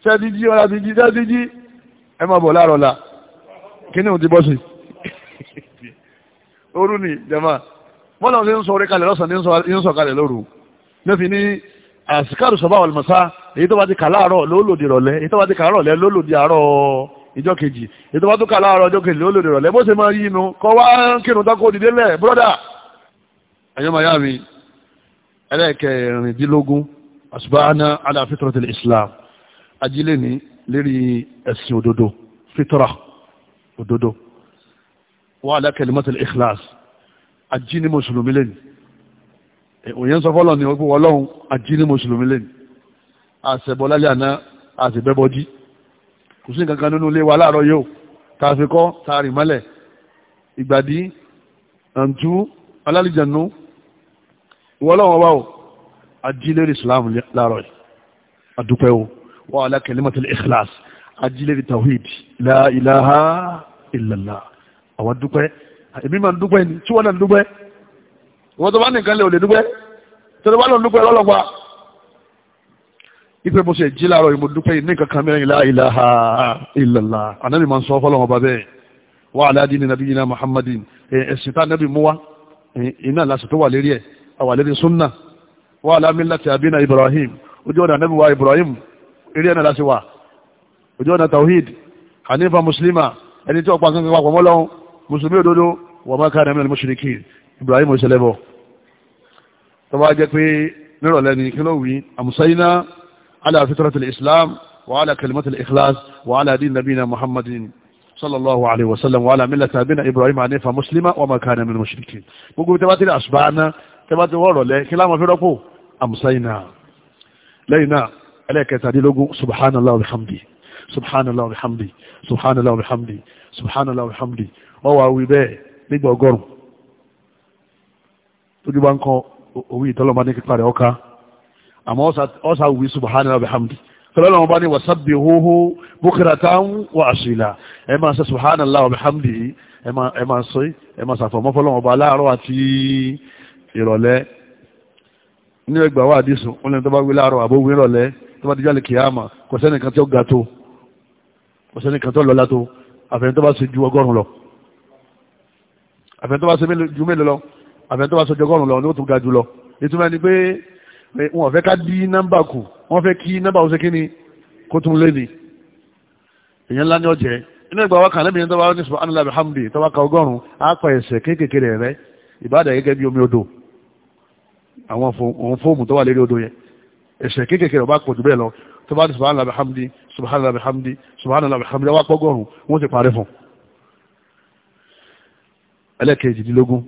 sẹ́ẹ̀dì jí ọ̀la ti jí sẹ́ẹ̀dì jí ẹ máa bọ̀ láàrọ̀ la kíní ò ti bọ́ sí òru ni jama wọ́n náà ti ń sọ orí kalẹ̀ lọ́sàn-án ní ń sọ kalẹ̀ lóru lẹ́fi ní àsìkárù sọ́bà ọ̀lùmọ̀sá èyí tó bá ti kà láàárọ̀ lólòdì rọ̀lẹ́ èyí tó bá ti kà láàárọ̀ lólòdì àárọ̀ ìjọ kejì èyí tó bá tó kà láàárọ̀ ọjọ́ kejì lólòdì rọ̀lẹ́ bó ṣe máa yí inú kọ́ wá kírun tó kó dìde lẹ̀ bọ́dà ẹ̀yọ́ màyá mi ẹlẹ́ẹ̀kẹrìndínlógún asubahana ala fitratil islam ajílẹ̀ ní lérí ẹ̀sìn òdodo fitra òdodo wa ala kalimatil ikhlas ají ní mùsùlùmí lẹ́nu òyìn sọ fọ́lọ̀ ní ọgbọ́ ọlọ́run ají ní mùsùlùmí lẹ́nu àṣẹbọlálẹ́ àná àṣẹbẹ́bọjí kò sí nǹkan kan nínú ilé wa láàárọ̀ yóò tààfikọ́ tààrí mọ́lẹ̀ ìgbàdí àǹtú alálìjànú ìwọ lọ́wọ́ wá o ajílẹ̀rì islam láàárọ̀ àdúpẹ́ o wà ala kalimatil ikhlas ajílẹ̀rì tawhid la ilaha illallah àwọn dúpẹ́ èmi máa ń dúpẹ́ ni tí wọ́n náà ń dúpẹ́ wọ́n tó bá nìkan lè ò lè dúpẹ́ tọ́lá bá lọ ń dúpẹ́ lọ́lọ́pàá ipe mo ṣe jí láàárọ̀ yìí mo dúpẹ́ yìí ní kankan mẹ́rin la ilaha illallah ànábì ń sọ fọlọ́wọn ọba bẹ́ẹ̀ wà aládìní nàbí yìí náà muhammadin ẹ̀sìn tá nàbì iná lásìkò lérí ẹ̀ àwa lórí súnà wà láàmì láti àbínà Ibrahim ojú ọ̀nà anábì wa Ibrahim eré ẹ̀nà láti wà ojú ọ̀nà tawhid hanifa muslima ẹni tí ó pa kankan papọ̀ mọ́lọ́hún mùsùlùmí òdodo wà má káàdà mílẹ̀ mọ́ṣíríkì Ibrahim òṣèlébọ̀ tó bá jẹ́ pé nírọ̀lẹ́ ni kí ló wí àmùsáyíná ala fitratil Islam wa ala kalimatil ikhlas wa ala din nabina Muhammadin sallallahu alaihi wasallam wa ala millati abina Ibrahim hanifa muslima wa ma min mushrikin gbogbo tí wọ́n ti rí tẹ́bá ti wọ́ọ̀rọ̀ lẹ kí láwọn fi rọ́pò àmùsáyìnà lẹ́yìn náà ẹlẹ́ẹ̀kẹtàdínlógún subhanallah alhamdi subhanallah alhamdi subhanallah alhamdi subhanallah alhamdi wọ́n wá wí bẹ́ẹ̀ nígbà ọgọ́rùn tójú bá ń kọ́ òwú ìtọ́lọ́mọ ní kíkọ́ rẹ̀ ọ̀ka àmọ́ ọ̀sà wí subhanallah alhamdi tọ́lọ́lọ́wọ́ bá ní wàsábì hóhó bukratan wa asila ẹ máa ṣe subhanallah alhamdi ẹ máa sọ ẹ máa ṣàfọ̀mọ́fọ́lọ́wọ́ bá láàárọ̀ àti ìrọ̀lẹ́ ní ẹgbà wà àdísùn wọn lẹ́nu tó bá wí láàárọ̀ àbówí ìrọ̀lẹ́ tó bá dijọ́ lè kìyàmà kò sẹ́nìkan tó ga tó kò sẹ́nìkan tó lọ́lá tó àfẹ́ni tó bá ṣe ju ọgọ́rùn lọ àfẹ́ni tó bá ṣe ju mélòó lọ àfẹ́ni tó bá ṣe ju ọgọ́rùn ni ni pé wọn fẹ́ ká dí nọ́mbà ni èèyàn ńlá ní ọ̀jẹ̀ inú ìgbà wákàn lẹ́mìí tó bá ní subhanallahi bihamdi tó bá ọgọ́rùn-ún á ẹ̀sẹ̀ kéékèèké rẹ̀ rẹ̀ gẹ́gẹ́ bí omi odò àwọn fóòmù tó wà lérí odò yẹn ẹ̀ṣẹ̀ kéékèèké rẹ̀ bá pọ̀ jù bẹ́ẹ̀ lọ tó bá ní subhanallah bihamdi subhanallah bihamdi subhanallah bihamdi wá pọ́gọ́rùn wọ́n ti parí fún ẹlẹ́kẹ̀ẹ́jìdínlógún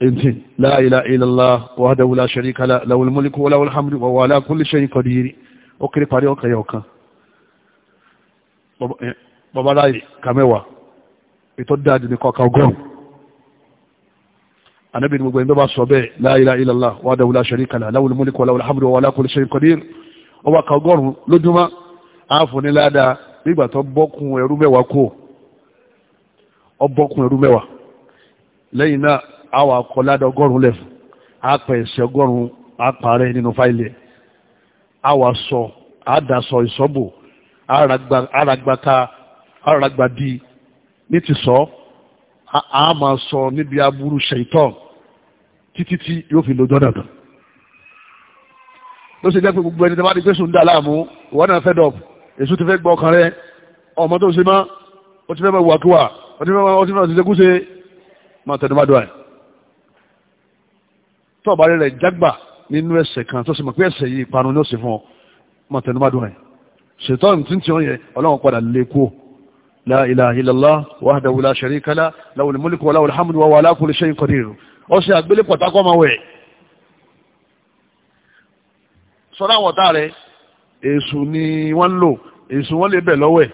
18 la ilaha illallah wahdahu la sharika lahu lahul mulku wa lahul hamdu wa huwa ala kulli shay'in ọgọ́rùn-ún anábì ní gbogbo ẹni tó bá sọ bẹ́ẹ̀ la ilaha illallah wahdahu la sharika lahu lahul mulku wa lahul hamdu wa ala kulli shay'in qadir ọba kan ọgọ́rùn-ún lójúmọ́ àáfò ní ládàá nígbà tó bọ́kùn ẹrú mẹ́wàá kú ọ bọ́kùn ẹrú mẹ́wàá lẹ́yìn náà àwọn akọ ládàá ọgọ́rùn lẹ̀ apẹ̀ ẹ̀sẹ̀ ọgọ́rùn-ún nínú fáìlì àwọn aṣọ àdàsọ ìṣọ́bù aragbata di ní ti sọ a sọ níbi aburú ṣèitọ́ọ̀ títí tí yóò fi lójọ́ náà tán ló ṣe jẹ́ pé gbogbo ẹni tó bá di pé sùn dà láàmú ìwọ náà fẹ́ dọ̀ èso ti fẹ́ gbọ́ ọkàn rẹ ọmọ tó ṣe mọ́ ó ti fẹ́ mọ́ ìwàkiwà ó ti fẹ́ mọ́ ọtí náà ti ṣe kúṣe máa tẹnu bá dọ̀ ẹ̀ tó ọ̀bá rẹ̀ jágbà nínú ẹsẹ̀ kan tó ṣe mọ̀ pé ẹsẹ̀ yìí ìparun ni ó ṣe fún ọ máa tẹnu bá dọ̀ ẹ̀ ṣètò ìtúntì ọ̀yẹ ọlọ́run padà lè kú ilaha illallah wahdahu la sharika lah lahul wa lahul hamdu shay'in qadir ọṣẹ àgbélé pọ̀tákọ́ máa wẹ̀ sọ́dá wọ̀tá rẹ̀ èṣù ni wọ́n ń lò èṣù wọ́n lè bẹ̀ lọ́wọ́ ẹ̀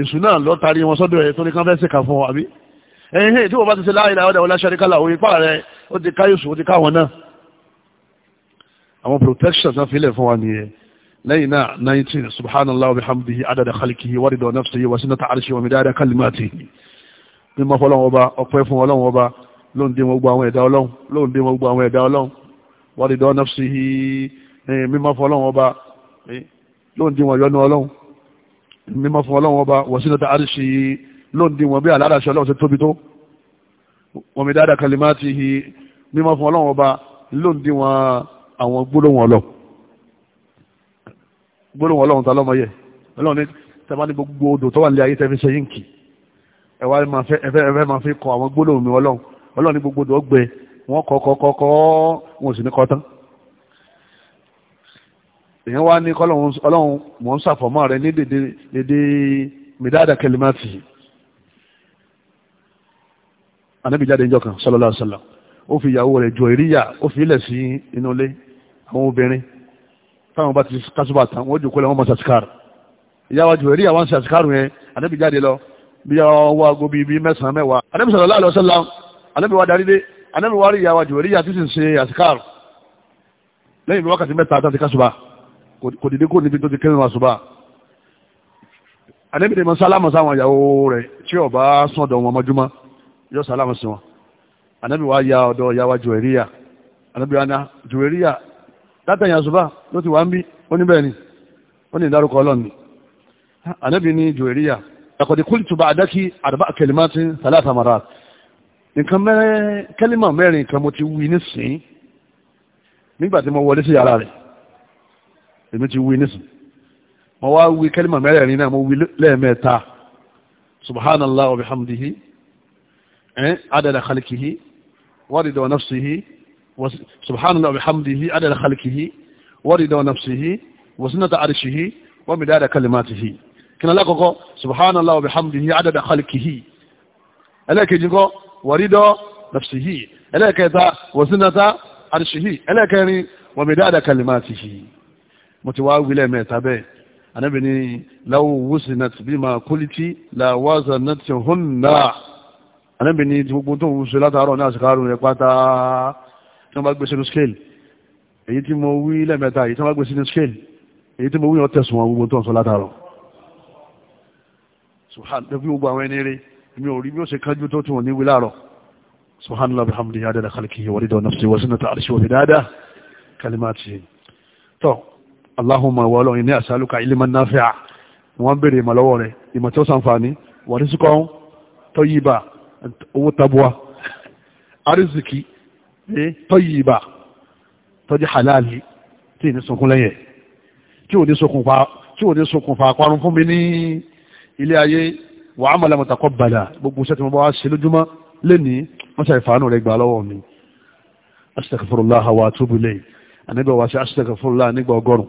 èṣù náà lọ tari wọn sọ́dọ̀ ẹ̀ tó ní kán fẹ́ ṣèkà fún ọ àbí ẹ̀yìn tí wọ́n bá ti ṣe láàyè láwọ́dà wọlé aṣáríkàlà òye ipá ó ti ká yóò ó ti ká wọn náà àwọn protection náà filẹ̀ fún wa nìyẹn lẹ́yìn náà 19 subhanallah wa bihamdihi adada khalqihi waridọ nafsihi wa sinata arshi wa midada kalimatihi mímọ́ fọlọ́wọ́n ọba ọpẹ́ fún ọlọ́wọ́n ló ń dé wọn gbọ́ àwọn ẹ̀dá ọlọ́run ló ń dé wọn gbọ́ àwọn ẹ̀dá ọlọ́run wọ́n ti dán nafsi mímọ́ fún ọlọ́run ọba ló ń dé wọn yọnu ọlọ́run mímọ́ fún ọlọ́run ọba wọ́n sínú ta àríṣì ló ń dé wọn bí aládàṣe ọlọ́run ti tóbi tó wọ́n mi dáadáa kalima ti mímọ́ fún ọlọ́run ọba ló dé wọn àwọn gbólóhùn ọlọ́run gbólóhùn ọlọ́run ta lọ́mọ yẹ ọlọ́run ní tẹ́bá ní gbogbo odò tó wà ní ayé tẹ́ fi ṣe yínkì ẹ̀wá ẹ máa fi kọ àwọn gbólóhùn mi ọlọ́run ọlọ́run ní gbogbo dọ̀ gbẹ wọ́n kọ́ kọ́ kọ́ kọ́ wọn sì ní kọ́ tán èèyàn wá ní ọlọ́run mọ̀ ń ṣàfọ̀mọ́ rẹ ní dédé mìdáàdà kẹlẹ́mátì anábì jáde ìjọ kan sallallahu alaihi wasallam ó fi ìyàwó rẹ̀ jọ ìríyà ó fi ilẹ̀ sí inú ilé àwọn obìnrin táwọn bá ti kásùbà tán wọ́n jòkó lẹ́wọ́n mọ̀ sàtìkárù ìyàwó jọ ìríyà wọ́n sàtìkárù yẹn anábì lọ bí wọ́n wá agogo bíi mẹ́sàn-án mẹ́wàá anábì sallallahu alaihi anábì wa darí dé anábì wa rí ìyàwó jùwèríyà tí sì ń ṣe àsìkáàrù lẹ́yìn wákàtí mẹ́ta àti kásùbà kò dìde kó níbi tó ti kẹ́rin àsùbà anábì ni mo sálámà sáwọn ìyàwó rẹ̀ tí ó bá sọ̀dọ̀ wọn mọ́júmọ́ yóò sálámà sí wọn anábì wa ya ọ̀dọ̀ ìyàwó jùwèríyà anábì wa ná jùwèríyà látẹ̀yìn àsùbà ló ti wá ń bí ó ní bẹ́ẹ̀ ni ó ní ìdárúkọ ọlọ́ni anábì ni jùwèríyà ẹ̀kọ́ nǹkan mẹ́rin kẹ́límà mẹ́rin kan mo ti wí nísìn nígbà tí mo wọlé sí yàrá rẹ̀ èmi ti wí nísìn mo wá wí kẹ́límà mẹ́rin náà mo wí lẹ́ẹ̀mẹ́ta subhanallah wa bihamdihi ẹ̀ adada khalikihi warida wa nafsihi subhanallah wa bihamdihi adada khalikihi warida wa nafsihi wa sinata arshihi wa midada kalimatihi kí ni alákọ̀ọ́kọ́ subhanallah wa bihamdihi adada khalikihi ẹlẹ́ẹ̀kejì kọ́ wọ̀rídọ́ nafsihi ẹlẹ́ẹ̀kẹta wọ̀sínata arṣihi ẹlẹ́ẹ̀kẹrin wọ̀mídáàdà kalimatihi mo ti wá wílẹ̀ mẹ́ta bẹ́ẹ̀ anábì ní láwọ̀ wùsìnàt bí máa kúlítí làwọ́sà nàti hùnà anábì ní ti gbogbo tó ń wùsù látàárọ̀ ní àsìkárù rẹ̀ pátá tí wọ́n bá gbé sínú scale èyí tí mo wí lẹ́mẹ̀ta èyí tí wọ́n bá gbé sínú scale èyí tí mo wí ọ̀tẹ̀sùn wọn gbogbo tó ń sọ látàárọ̀ subhan gbogbo àwọn ẹni rí mi ò rí bí ó ṣe kánjú tó tún ní wíláàrọ̀ subhanallah bihamdihi adada khalqihi wa ridwa nafsi wa zinata arshi wa bidada kalimati to allahumma eh, tí ò ní sunkún fa tí ò ní sunkún fa parun fún mi ní ilé ayé wà á mọ̀lá mọ̀tàkọ́ bàdà gbogbo iṣẹ́ tí mo bá wá ṣe lójúmọ́ lénìí wọ́n ṣe ìfàánù rẹ̀ gbà lọ́wọ́ mi astaghfirullah wa atubu ilayhi àníbẹ̀ wá sí astaghfirullah nígbà ọgọ́rùn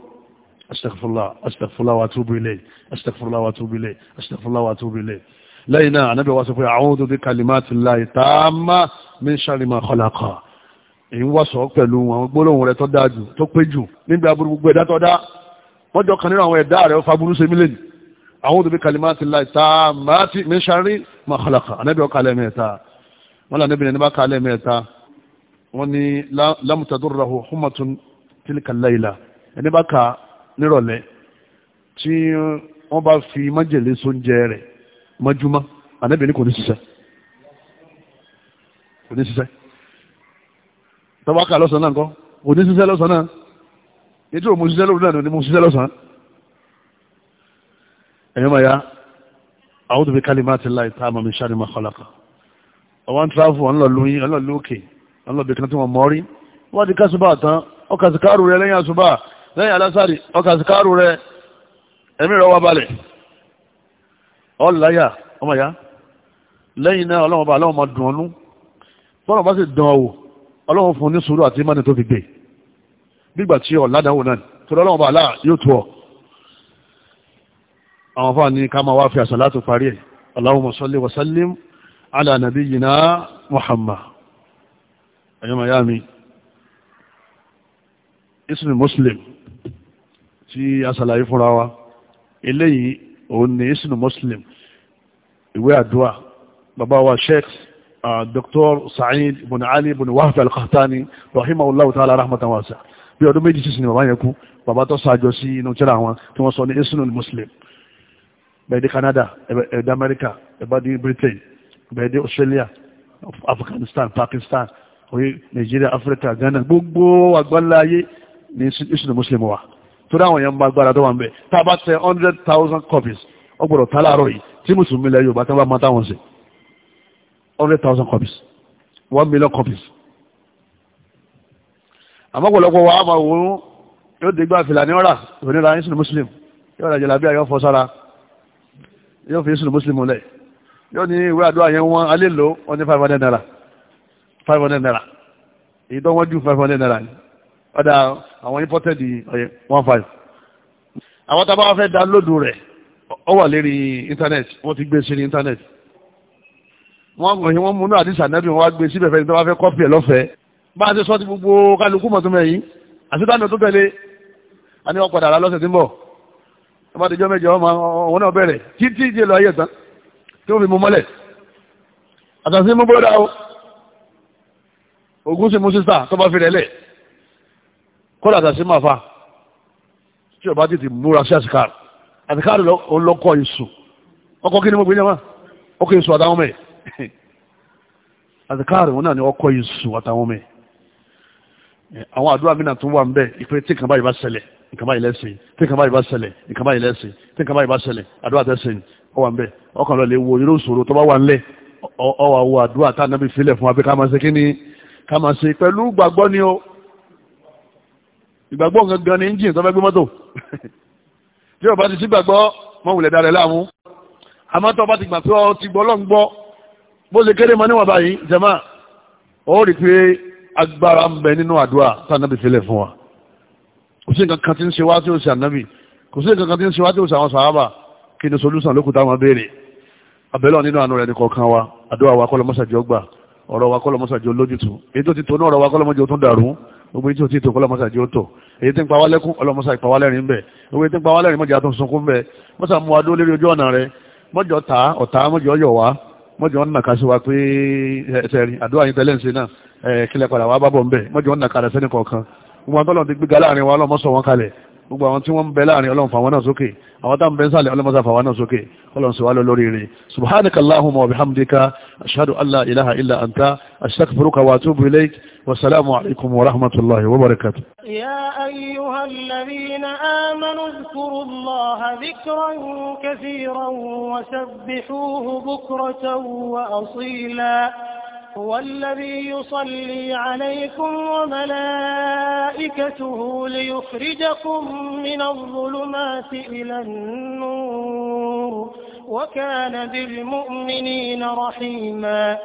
astaghfirullah astaghfirullah wa atubu ilayhi astaghfirullah wa atubu ilayhi astaghfirullah wa atubu ilayhi lẹ́yìn náà àníbẹ̀ wá sọ pé a'udhu bi kalimatillahi tammati min sharri ma khalaqa èyí wá sọ pẹ̀lú àwọn gbólóhùn rẹ̀ tó wọ́n jọ kan nínú àwọn ẹ̀dá rẹ̀ ó fa burú mílíọ̀nù a'udhu bi kalimatillahi tammati min sharri ma khalaqa ànábì ọkà lẹ́mẹ̀ẹ́ta wọ́n lè ànábì nípa kà lẹ́mẹ̀ẹ́ta wọ́n ní lam tadurruhu hummatun tilka layla ẹni bá ka nírọ̀lẹ́ tí wọ́n bá fi májèlé sóúnjẹ rẹ̀ mọ́júmọ́ ànábì ní kò ní ṣiṣẹ́ kò ní ṣiṣẹ́ tọ́wọ́ kà lọ́sàn-án náà kọ́ kò ní ṣiṣẹ́ lọ́sàn-án náà ẹ̀yọ́ máa ya a'udhu bi kalimatillahi tammati min sharri ma khalaqa ọwọ́n tíráfù ọlọ́lóyìn ọlọ́lókè ọlọ́bì kan tí wọ́n mọ́rí wọ́n ti kásùbà tán ọkà sí káàrù rẹ lẹ́yìn àsùbà lẹ́yìn alásàrì ọkà sí káàrù rẹ ẹ̀mí rẹ wá balẹ̀ ọláyà ọmọ ya lẹ́yìn náà ọlọ́wọ́n bá aláwọ̀ máa dùn ọ́nú bọ́lá bá sì dán ọwọ́ ọlọ́wọ́n àwọn fáà ní ká máa wá fi àsàlátù parí ẹ̀ Allahumma salli wa sallim ala nabiyyina Muhammad ẹ̀yọ́ miami ismi muslim tí a sàlàyé fúnra wa eléyìí òun ni ismi muslim ìwé àdúrà bàbá wa sheikh Dr. Sa'id ibn Ali ibn Wahb al-Qahtani rahimahullahu ta'ala rahmatan wasi'a bí ọdún méjì sísìn ni bàbá yẹn kú bàbá tó sáájọ sí inú tíra wọn tí wọ́n sọ ní ismi muslim bẹ̀ẹ̀dẹ̀ Canada ẹ̀dẹ̀ America ẹ̀bẹ̀dẹ̀ Britain ẹ̀bẹ̀dẹ̀ Australia Afghanistan Pakistan oye Nigeria Africa Ghana gbogbo àgbáńlá ayé ní ìṣúná Muslim wa torí àwọn èèyàn bá gbára tó wà ń bẹ̀ tá a bá tẹ hundred thousand copies ó gbọ́dọ̀ tá láàárọ̀ yìí tí mùsùlùmí ilẹ̀ Yorùbá tó bá máa táwọn sí hundred thousand copies one million copies àmọ́ pọ̀lọpọ̀ wa á máa wò ó yóò dégbà fìlà ní ọ̀rà òní ra ìṣúná Muslim yóò ra jẹ̀lábíà yóò fọ́ sára yóò fi yéṣu mùsùlùmù lẹ̀ yóò ní ìwé àdúrà yẹn wọ́n alẹ́ lò wọ́n ní five hundred naira five hundred naira èyí tó wọ́n ju five hundred naira ni ọ̀dà àwọn imported ọ̀yẹ́ one five. àwọn tábà wọn fẹ́ download rẹ̀ ó wà lérí internet wọ́n ti gbé sí ní internet wọ́n gbọ̀nyí wọ́n mú náà àdìsá nẹ́bí wọn wá gbé síbẹ̀ fẹ́ni tó wá fẹ́ kọ́pì ẹ̀ lọ́fẹ̀ẹ́ bá a ti sọ ti gbogbo kálukú mọ̀tún mẹ́yìn àti dáná tó tẹ̀lé a ní ọ̀pọ̀ ọba àtijọ́ mẹ́jọ ọmọ òun náà bẹ̀rẹ̀ títí ìdí lọ ayé tán tí ó fi mú mọ́lẹ̀ àtàsí mú bọ́dà o ogun sì mú sísà tó bá fi rẹ̀ lẹ̀ kọ́lá àtàsí máa fa tí ọba títí múra sí àsìkà àsìkà lọ́kọ̀ ìsù ọkọ̀ kí ni mo gbé yẹn wá ọkọ̀ ìsù àtàwọn mẹ́ àsìkà rẹ̀ wọn náà ni ọkọ̀ ìsù àtàwọn mẹ́ àwọn àdúrà mí náà tún wà ń bẹ ìpè nǹkan báyìí lẹ́sìn tí nǹkan báyìí bá ṣẹlẹ̀ nǹkan báyìí lẹ́sìn tí nǹkan báyìí bá ṣẹlẹ̀ àdúrà tẹ́sìn ọ wà ń bẹ̀ ọkàn lọ lè wo irú ìṣòro tó bá wà ńlẹ̀ ọ wà wo àdúrà tá ànábì filẹ̀ fún wa pé ká máa ṣe kí ni ká máa ṣe pẹ̀lú gbàgbọ́ ni o ìgbàgbọ́ gangan ni engine tó fẹ́ gbé mọ́tò tí o bá ti sí gbàgbọ́ mọ́ wulẹ̀ darẹ̀ láàmú àmọ́ tó bá ti gbà pé ti gbọ́ lọ́ngbọ́ bó ṣe kéré mọ́ níwọ̀n báyìí jẹ́mà ó rí pé agbára ń bẹ nínú kò sí nǹkan kan tí ń ṣe wá tí ó ṣe ànábì kò sí nǹkan kan tí ń ṣe wá tí ó ṣe àwọn sàhábà kí ni solúsàn lókùtà wọn béèrè abẹ́lọ́ nínú àánú rẹ̀ nìkan kan wa àdúrà wa kọ́lọ́mọ́sàjọ́ gbà ọ̀rọ̀ wa kọ́lọ́mọ́sàjọ́ lójútu èyí tó ti tó náà ọ̀rọ̀ wa kọ́lọ́mọ́jọ́ tó dàrú gbogbo èyí tó ti tó kọ́lọ́mọ́sàjọ́ tó èyí tí ń pa wá lẹ́kún ọlọ́mọ́sà ìpa wá lẹ́rìn bẹ̀ gbogbo èyí tí ń pa wá lẹ́rìn mọ́jà tó ń sunkún bẹ̀ mọ́sà mú wa dúró lérí ojú ọ̀nà rẹ̀ gbogbo àwọn tọ́lọ̀ ti gbéga láàrin wa ọlọ́mọ sọ wọn kalẹ̀ gbogbo àwọn tí wọ́n ń bẹ láàrin ọlọ́run fàwọn náà sókè àwọn tá ń bẹ sálẹ̀ ọlọ́mọ sàfàwọn náà sókè ọlọ́run sọ wá lórí rẹ̀ subhanaka allahumma wa bihamdika ashhadu an la ilaha illa anta astaghfiruka wa atubu ilayk wa salamu alaykum wa rahmatullahi wa barakatuh ya ayyuha alladhina amanu dhkuru allaha dhikran kathiran wa sabbihuhu bukratan wa asila هو الذي يصلي عليكم وملائكته ليخرجكم من الظلمات إلى النور وكان بالمؤمنين رحيما